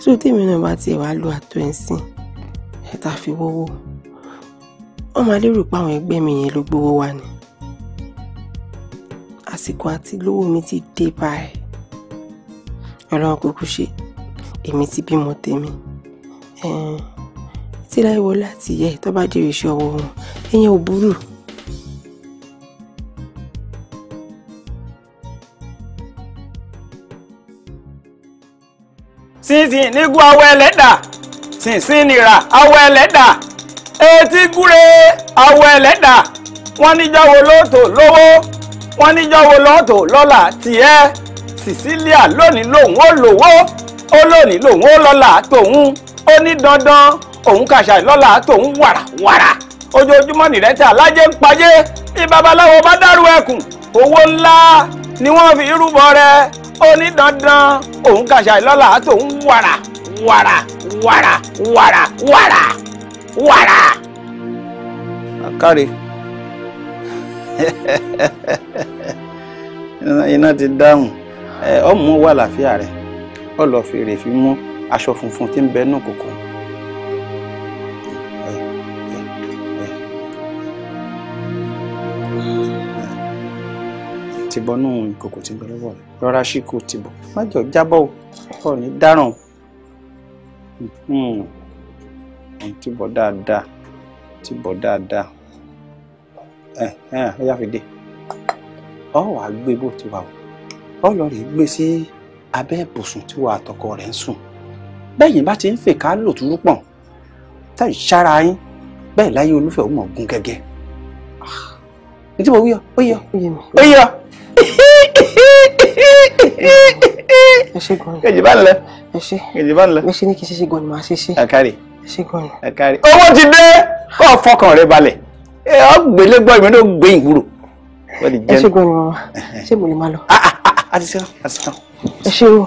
tó tèmi náà bá tiẹ̀ wá lu àtọ ẹ̀sìn ẹ̀ta fi wọ́wọ́ wọ́n máa lérò pé àwọn ẹgbẹ́ mi yẹn ló gbowó wá ni àsìkò àti lówó mi ti dé báyìí ọlọ́run kúkú ṣe èmi ti bímọ tèmi tí láìwọ láti yẹ tó bá jèrè iṣẹ́ ọwọ́ wọn ìyẹn ò burú. sínsìn nígún awọ ẹlẹ́dà sínsìn nìrà awọ ẹlẹ́dà etí gúre awọ ẹlẹ́dà wọ́n níjọ́wọ́ lóòótọ́ lówó wọ́n níjọ́wọ́ lóòótọ́ lọ́là tiẹ̀ Cecilia lónìí lòun ó lówó. ó lónìí lòun ó lọ́la tòun ó ní dandan òun kàṣà lọ́la tòun wàrà wàrà ojoojúmọ́ nìrẹ́tẹ̀ alájẹ́ ń payé bí babaláwo bá dárú ẹkùn owó ńlá ni wọ́n fi rúbọ rẹ ó ní dandan òun kàṣà lọ́la tòun wàrà wàrà wàrà wàrà wàrà wàrà. akari iná ti dáhùn ọmọ wà láfíà ọlọ́fẹ̀rẹ̀ fi mú aṣọ funfun tí ń bẹ nù kòkó. tìbọ̀ nù ìkòkò tí ń bẹ lọ́wọ́ rẹ̀ rọra ṣì kò tìbọ̀ má jọ jábọ̀ o ò ní dáràn o hmm. tìbọ̀ dáadáa tìbọ̀ dáadáa ẹ ẹ ó yá fi dé ọ wàá gbé bó ti wà o ọ lọ rè é gbé sí. Si abẹ́ ìbùsùn tí wàá tọkọ rẹ̀ ń sùn bẹ́yìn bá ti ń fè ká lò tún rúpọ̀n tá ì sára yín bẹ́ẹ̀ láyé olúfẹ́ òun ọ̀gùn gẹ́gẹ́ ní tí mo wíyọ ó yọ ó yọ. ẹ ṣe gan ni kejì bá ń lẹ ẹ ṣe kejì bá ń lẹ ẹ ṣe ní kí n ṣe gan ni màá ṣe ṣe ẹ ẹ ṣe gan ni ẹ owó ti dé kó o fọkàn rẹ balẹ̀ ẹ ọ gbélé gbọ́ ìmọ̀ ló gbé ìwúrò. ẹ ṣe gan ni màmá ṣé mo lè máa lọ. Ah, ah, ah, a ti sẹ́wọ̀n a ti sẹ́wọ̀n ẹ ṣé o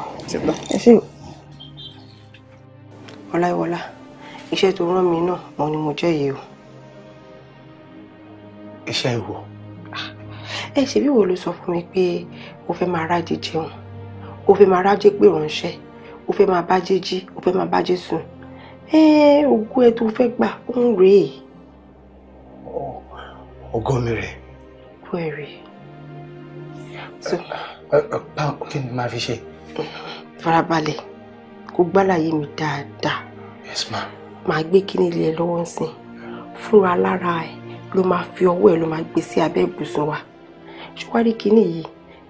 ẹ ṣé o. ọláìwọlá iṣẹ́ tó rán mi náà mo ni mo jẹ́ yìí o. iṣẹ́ ìwọ. ẹ ṣe bí wo ló sọ fún mi pé o fẹ́ máa rájẹ jẹun o fẹ́ máa rájẹ pé ránṣẹ́ o fẹ́ máa bá jíjí o fẹ́ máa bá jésù ẹ ògùn ẹ tó fẹ́ gbà ó ń rèé. ọgọ́ mi rẹ̀. kú ẹ̀ rèé. so. Uh, uh kí ni màá fi ṣe. farabalẹ̀ kó gbálàyé mi dáadáa. yes ma. màá gbé kíní ilé ẹ lọ́wọ́ nsìn fúnra lára ẹ ló máa fi ọwọ́ ẹ ló máa gbé sí abẹ́ ibùsùn wa ṣùwárí kíní yìí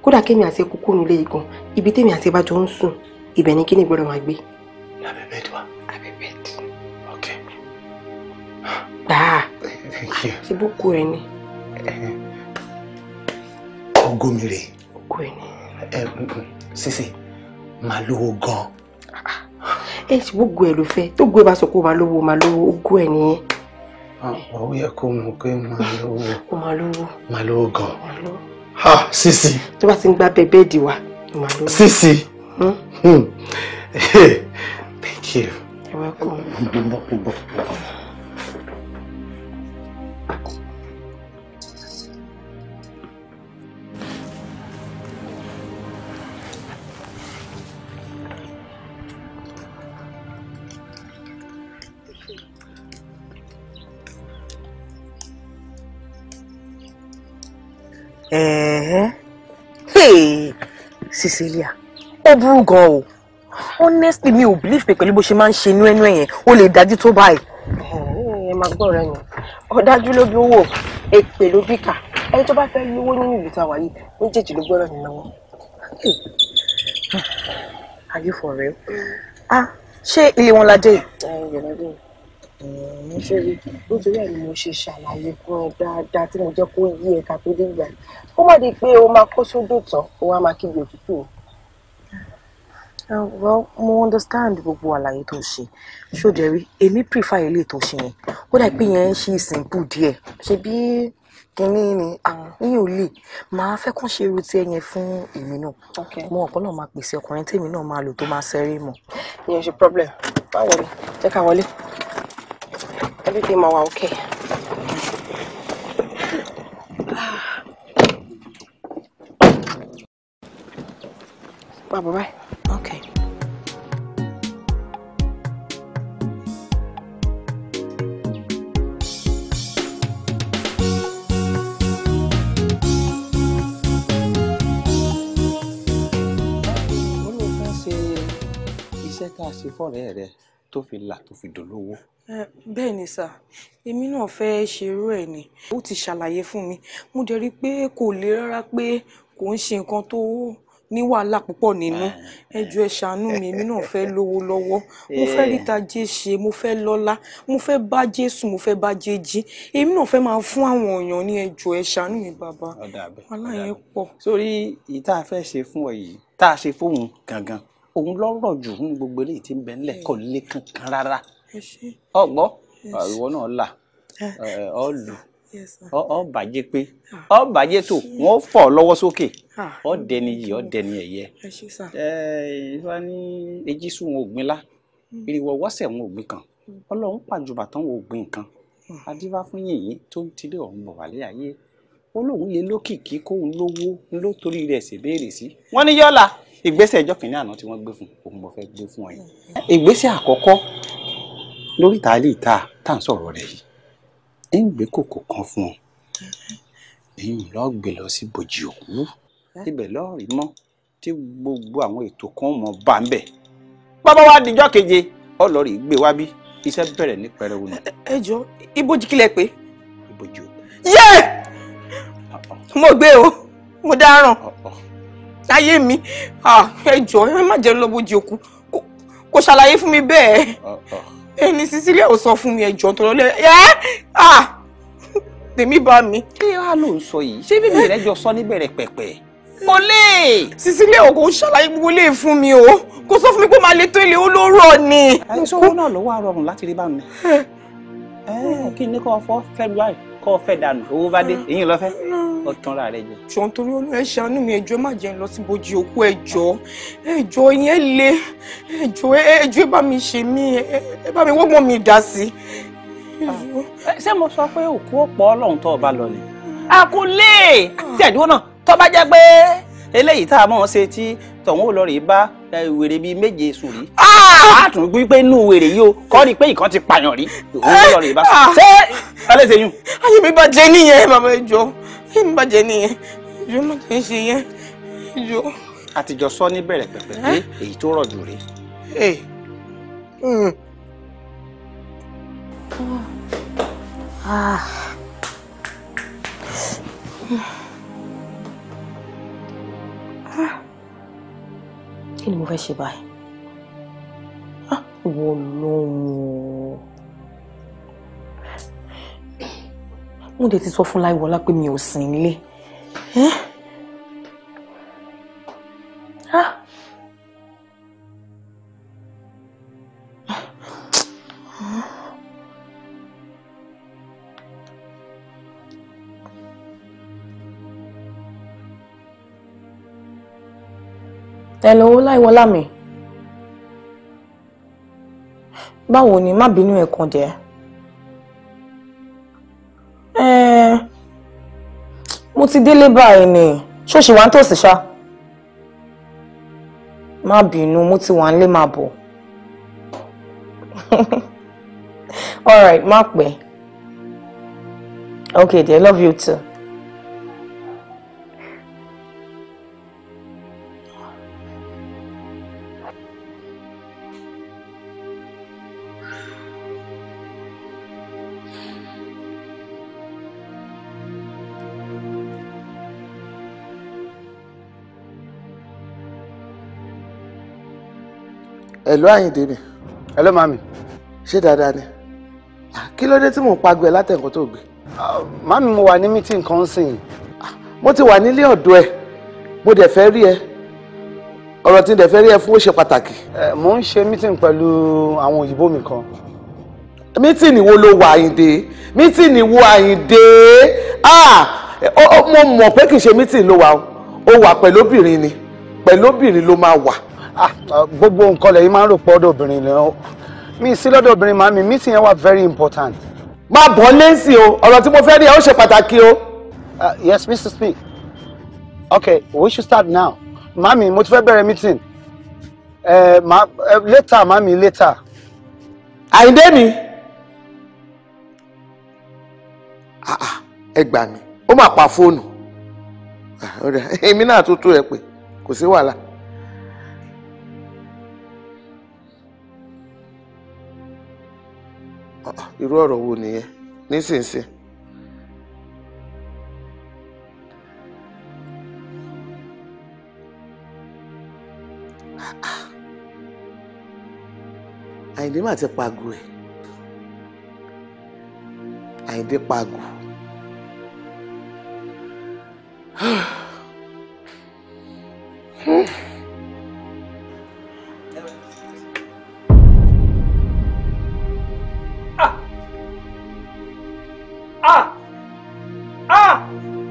kódà kémi àti kókó nílé igun ibi tèmi àti bá jọ ń sùn ibẹ̀ ni kíní gbọ́dọ̀ máa gbé. lábẹ́ bẹ́ẹ̀dì wa. lábẹ́ bẹ́ẹ̀dì. ok. gbàá ṣe bó kú ẹ ni. ọgọ́ mi rèé ọkọ ẹ ni. ẹ Sisi máa lówó gan. ẹ ṣe gbogbo ẹ ló fẹ́ tó gbé bá sọ pé ó máa lówó máa lówó ogún ẹ nìyẹn. àwọn ah, ò yẹ kó mọ̀ pé máa lówó. ó máa lówó. máa lówó gan. ha Sisi. tó bá ti ń gbá bẹbẹ ìdí wa ó máa lówó. Sisi. Hmm? Hmm. thank you. you're welcome. ẹ̀ẹ́ hey Cecilia ó burú gan o honestly mi ò believe pé pẹ̀lú bó ṣe máa O le inú to ẹ̀yẹn ó lè dájú tó báyìí. ẹ máa gbọ́ rẹ nù ọ̀dájú ló bí owó èpè ló bí to ẹni tó bá fẹ́ lówó nínú ìlú tàwa yìí méjèèjì ló gbọ́dọ̀ nínú wọn. are you for real? ah ṣé ilé wọn la dé? ẹ yẹn lọ Mm, ṣeré nítorí ẹ̀ ni mo ṣe ṣàlàyé fún ẹ dáadáa tí mo jẹ́ kó yí ẹ tó dìgbà kó má di pé o máa kó sódò tán o wá máa kígbe òtútù o. Ah, well mo understand gbogbo àlàyé tó ṣe ṣòdẹ̀rí èmi prefer ilé tó ṣe yẹn ó dà pé yẹn ṣì simple díẹ̀ ṣe bí kínní ni àyìn ah, ò lè máa fẹ́ kàn ṣe irú tí ẹyẹn fún èmi náà mo ọ̀pọ̀ náà máa pèsè ọkùnrin tèmi náà máa lò tó máa ṣẹ́rí mọ́. ìyẹn ṣe problem báwo ni jẹ́ ká wọlé everything ma wa okay. Bye bye. Okay. iṣẹ́ tá a ṣe fọ́rẹ̀ẹ́ rẹ̀ tó fi là tó fi dolówó. bẹ́ẹ̀ ni sà èmi náà fẹ́ ṣerú ẹ̀ ni ó ti ṣàlàyé fún mi mo dẹ̀ rí i pé kò le rárá pé kò ń ṣe nǹkan tó ní wàhálà púpọ̀ nínú ẹ jọ̀ọ́ ẹ ṣàánú mi èmi náà fẹ́ lówó lọ́wọ́ mo fẹ́ eh. ríta jẹ́ ṣe mo fẹ́ lọ́lá mo fẹ́ bá jésù mo fẹ́ bá jẹ́ jí èmi náà fẹ́ máa fún àwọn èèyàn ní ẹ jọ̀ọ́ ẹ ṣàánú mi bàbá aláyẹn pọ̀. sórí ìta fẹ́ ṣe fún ọ yìí tá a ṣe fóun gangan òun lọ́rọ̀ jù fún gbogbo eléyìí tí ń bẹ ńlẹ̀ kò lé kankan rárá ọgbọ́ ìwọ náà là ah. ọ lù ọ bàjẹ́ pé ah. ọ bàjẹ́ tó wọ́n fọ̀ lọ́wọ́ sókè ah. ọ dẹni yìí ọ dẹni ẹ̀yẹ ìfọwọ́ ní ejí sùn wọn ò gbin lá hmm. ìrìwọ̀ wọ́sẹ̀ wọn ò gbin kan hmm. ọlọ́run pàjùbà tán wọn ò gbin nǹkan hmm. adífá fún yìnyín tó ń tilé ọ̀hún bọ̀ wálé ayé ó lóun lè lókìkí kóun lówó ló torí rẹ̀ ṣèbéèrè sí. wọ́n ní yọ́la ìgbésẹ̀ ẹjọ́ kìíní àná tí wọ́n gbé fún òun mo fẹ́ gbé fún ẹ̀yin. ìgbésẹ̀ àkọ́kọ́ lórí ìtàlẹ́ ìta tá à ń sọ̀rọ̀ rẹ̀ yìí ẹ̀ ń gbé kòkò kan fún ọ ẹ̀yin lọ́ọ́ gbé lọ sí bòjì òkú ibẹ̀ lọ́ọ̀rì mọ́ tí gbogbo àwọn ètò kan mọ̀ bá ń bẹ̀ bàbá wa dijọ́ keje ọlọ́ọ̀rì gbé wá bí iṣẹ́ bẹ̀rẹ̀ ní pẹrẹwu nù. ẹ jọ ibojì kílẹ̀ pé. ibojì o. yẹ́ẹ̀ mo gbé o mo dáràn táyé mi ẹjọ ẹ má jẹ́ lọ bójú okun kò ṣàlàyé fún mi bẹ́ẹ̀ ẹni Cecilia ò sọ fún mi ẹjọ tó lọlẹ ẹ tèmi bá mi. kí wàá ló ń sọ yìí ṣé bíbí rẹ jọ sọ níbẹ̀rẹ̀ pẹ̀pẹ̀ kò lè. Cecilia ò kò ṣàlàyé gbogbo lè fún mi o kò sọ fún mi pé màá lè tó ilé olóró ni. ẹ sọ owó náà ló wà rọrùn láti rí bá mi kí ni kò fọ February kọ́ fẹ́ dànù owó bá dé èyí mm. lọ́fẹ́ ọ tán ra rẹ jù. jọ̀ọ́ torí olú ẹ ṣàánú mi ẹjọ́ má jẹ́ lọ sí bojì òkú ẹjọ́ ẹjọ́ yẹn le ẹjọ́ ẹjọ́ bá mi ṣe mí ẹ bá mi wọ́gbọ́n mi dá sí. Ah. ṣé mo sọ pé òkú ọ̀pọ̀ ọlọ́run tó o bá lọ ni. a ah. tí ẹ̀dínwó náà tó bá jẹ́ pé eléyìí tá a mọ̀ ṣe tí tọ̀hún ò lọ rè bá wèrè bíi méje sùn rí. Ah! a tún gbé pé inú wèrè yìí o kọ́ ni pé ìkan ti pààyàn rí òun ò lọ rè bá sùn. Ah! Ah! ṣé alẹ́ ṣe yún. ayé mi bàjẹ́ nìyẹn màmá ìjọ ayé mi bàjẹ́ nìyẹn ìjọ má jẹ́ ṣe yẹn ìjọ. àtijọ́ sọ ní bẹ̀rẹ̀ pẹ̀pẹ̀ pé èyí tó rọ̀ jù rè. Hmm. Ah kí ni mo fẹ́ ṣe báyìí ah, ìwọ lóhùn mo dé ti sọ fún láìwọlá pé mi ò sìn nílé. Hello, Láìwọlámi. Báwo ni má bínú ẹ̀kan dẹ̀? Mo ti délé báyìí ni, ṣóṣì wá ń tòsí ṣá. Má bínú, mo ti wà ń lé máa bọ̀. All right, má pẹ́. Okay, dear, love you too. ẹ̀lú àyìndé ni. ẹ̀lú màmí. ṣé dáadáa ni kí ló dé tí mò ń pagbo látẹ̀kọ́ tó gbé. Ah, màmí mo wà ní mítìn kan sìn. mo ti wà nílé ọ̀dọ̀ ẹ mo dẹ̀ fẹ́ rí ẹ ọ̀rọ̀ tí n dẹ̀ fẹ́ rí ẹ fún ó ṣe pàtàkì. mo ń ṣe mítìn pẹ̀lú àwọn òyìnbó mi kan mítìnì wo ló wà àyìndé mítìnì wo àyìndé mo mọ̀ pé kì í ṣe mítìnì ló wà o ó wà pẹ̀lú obìnrin ni pẹ̀lú obìnrin ló máa wà Ah, ah, gbogbo nǹkan lẹ́yìn máa ń rò pọ̀ ọ̀dọ̀ obìnrin lẹ́yìn mi sí lọ́dọ̀ obìnrin màmí meeting yẹn wà very important. má bọ́ lẹ́sì o ọ̀rọ̀ tí mo fẹ́ rí ẹ ó ṣe pàtàkì o. Ah, yes mr speak okay we should start now màmí mo ti fẹ́ bẹ̀rẹ̀ meeting uh, ma, uh, later màmí later. àyíndé mi ẹ gbà mí ó mà pa fóònù èmi náà tó tó ẹ pé kò sí wàhálà. irú ọ̀rọ̀ wo nìyẹn nísinsìnyí. àyìndé mà ti pàgò ẹ̀ àyìndé pàgò. Hmm.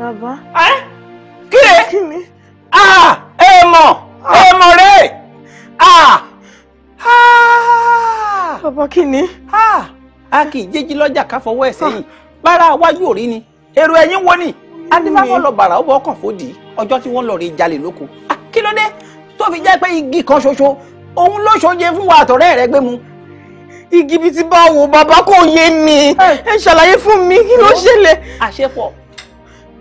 Bàbá. Ẹ́ kí ni? Kí ni? Ẹ mọ̀! Ẹ mọ̀ rẹ̀! Bàbá kí ni? A kì í jéjí lọ́jà ká fọwọ́ ẹ̀ sẹ́yìn. Bára wájú òrí ni. Èrò ẹ̀yìn wo ni? Adébáfọ́ lọ bàrà ó bọ́ ọkàn fòdì ọjọ́ tí wọ́n lọ rí jalè lóko. Kí ló dé? Tó fi jẹ́ pé igi kan ṣoṣo. Òun ló ṣoje fún wa àtọ̀rẹ́ rẹ gbé mu igi bíi ti bá wo bàbá kò yé mi ẹ ṣàlàyé fún mi kí ló ṣẹlẹ̀. àṣepọ̀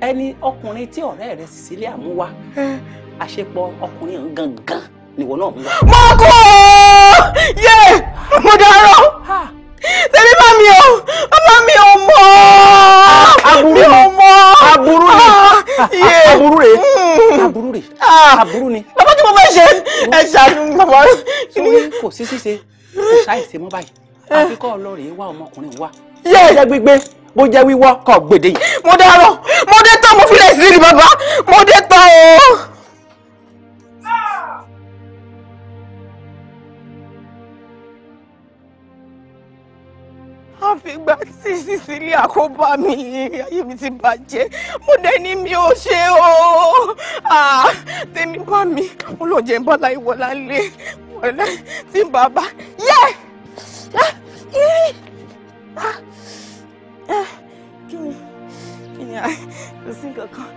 ẹni ọkùnrin tí ọ̀rẹ́ rẹ Cecilia mú wá àṣepọ̀ ọkùnrin ọ̀hún gangan nìwọ náà mú wá. mo kú yé mo dárò tẹ̀lé bá mi o bàbá mi ò mọ̀ mi ò mọ̀ aburú ni ah, ah, aburú rè hmm. aburú rè ah. aburú ni. bàbá kí mo fẹ́ ṣe ẹ ṣàánú bàbá. sórí kò sí ṣíṣe kò ṣàìṣe mọ́ báyìí eh. àfikọ́ ọlọ́rẹ̀ẹ́ wá ọmọkùnrin wá. yé ẹ gbígbé bó jẹ́ wíwọ́ kọ́ gbèdé yìí. mo dárọ̀ mo dé tán mo filẹ̀ sí ni bàbá mo dé tán o. àfìgbà tí Cecilia kò mi ayé mi ti bàjẹ́ mo dẹ̀ ní mi ò ṣe o tèmi bá mi mo lọ jẹ́ bọ́lá ìwọ lálẹ́ wọlé tí bàbá yẹ kí ni kí ni kò sí nǹkan kan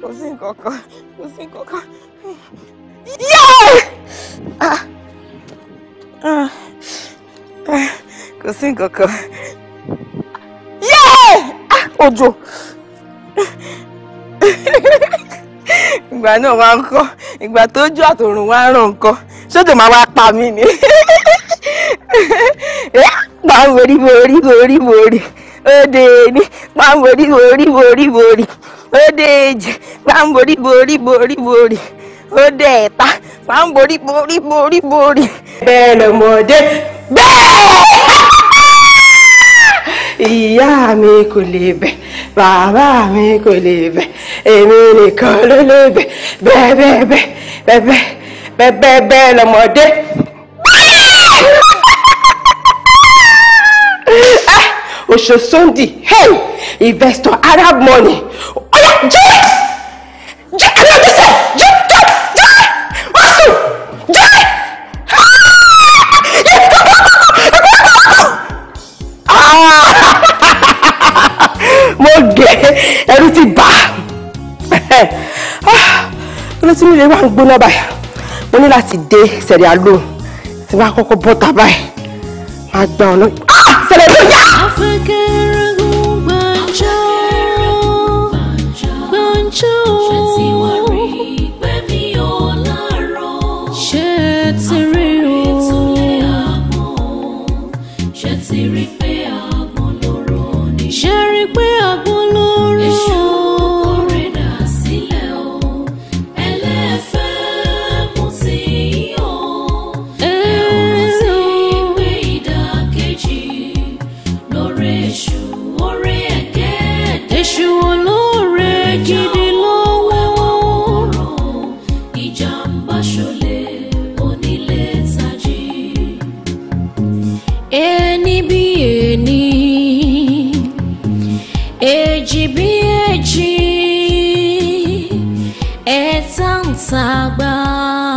kò sí nǹkan kan ah! kò sí nǹkan kan. kò sí nǹkan kan. òjò ìgbà náà wá ń kọ́ ìgbà tó jó àtòrùn wá ń ràn nǹkan ṣójò máa wá pa mí ni. gbà ń borí borí borí borí òde èmi pàmòrí borí borí borí òde èjì pàmòrí borí borí borí òde ẹ̀ta pàmòrí borí borí borí. bẹ́ẹ̀ lọ́mọdé bẹ́ẹ̀ ìyá mi kò lè bẹ̀ bàbá mi kò lè bẹ̀ èmi nìkan ló lè bẹ̀ bẹ́ẹ̀bẹ́ẹ̀bẹ́ bẹ́ẹ̀bẹ́ẹ̀bẹ́ lọ́mọdé. Sunday, hey investor Arab money oya jẹ́ jẹ́ alágbèsè jẹ́ jẹ́ jẹ́ wàásù ah, mo gẹ ẹ̀rù ti bà olótú mi lè wà ń gbóná báyìí mo ní láti dé sẹ̀ríà lóhùn tí wọ́n á kọ́kọ́ bọ́ta báyìí máa gba ah, sẹ̀ríà lóhùn حكاية ẹni bí ẹni èjì bí èjì ẹ̀ta ń ta gbàá.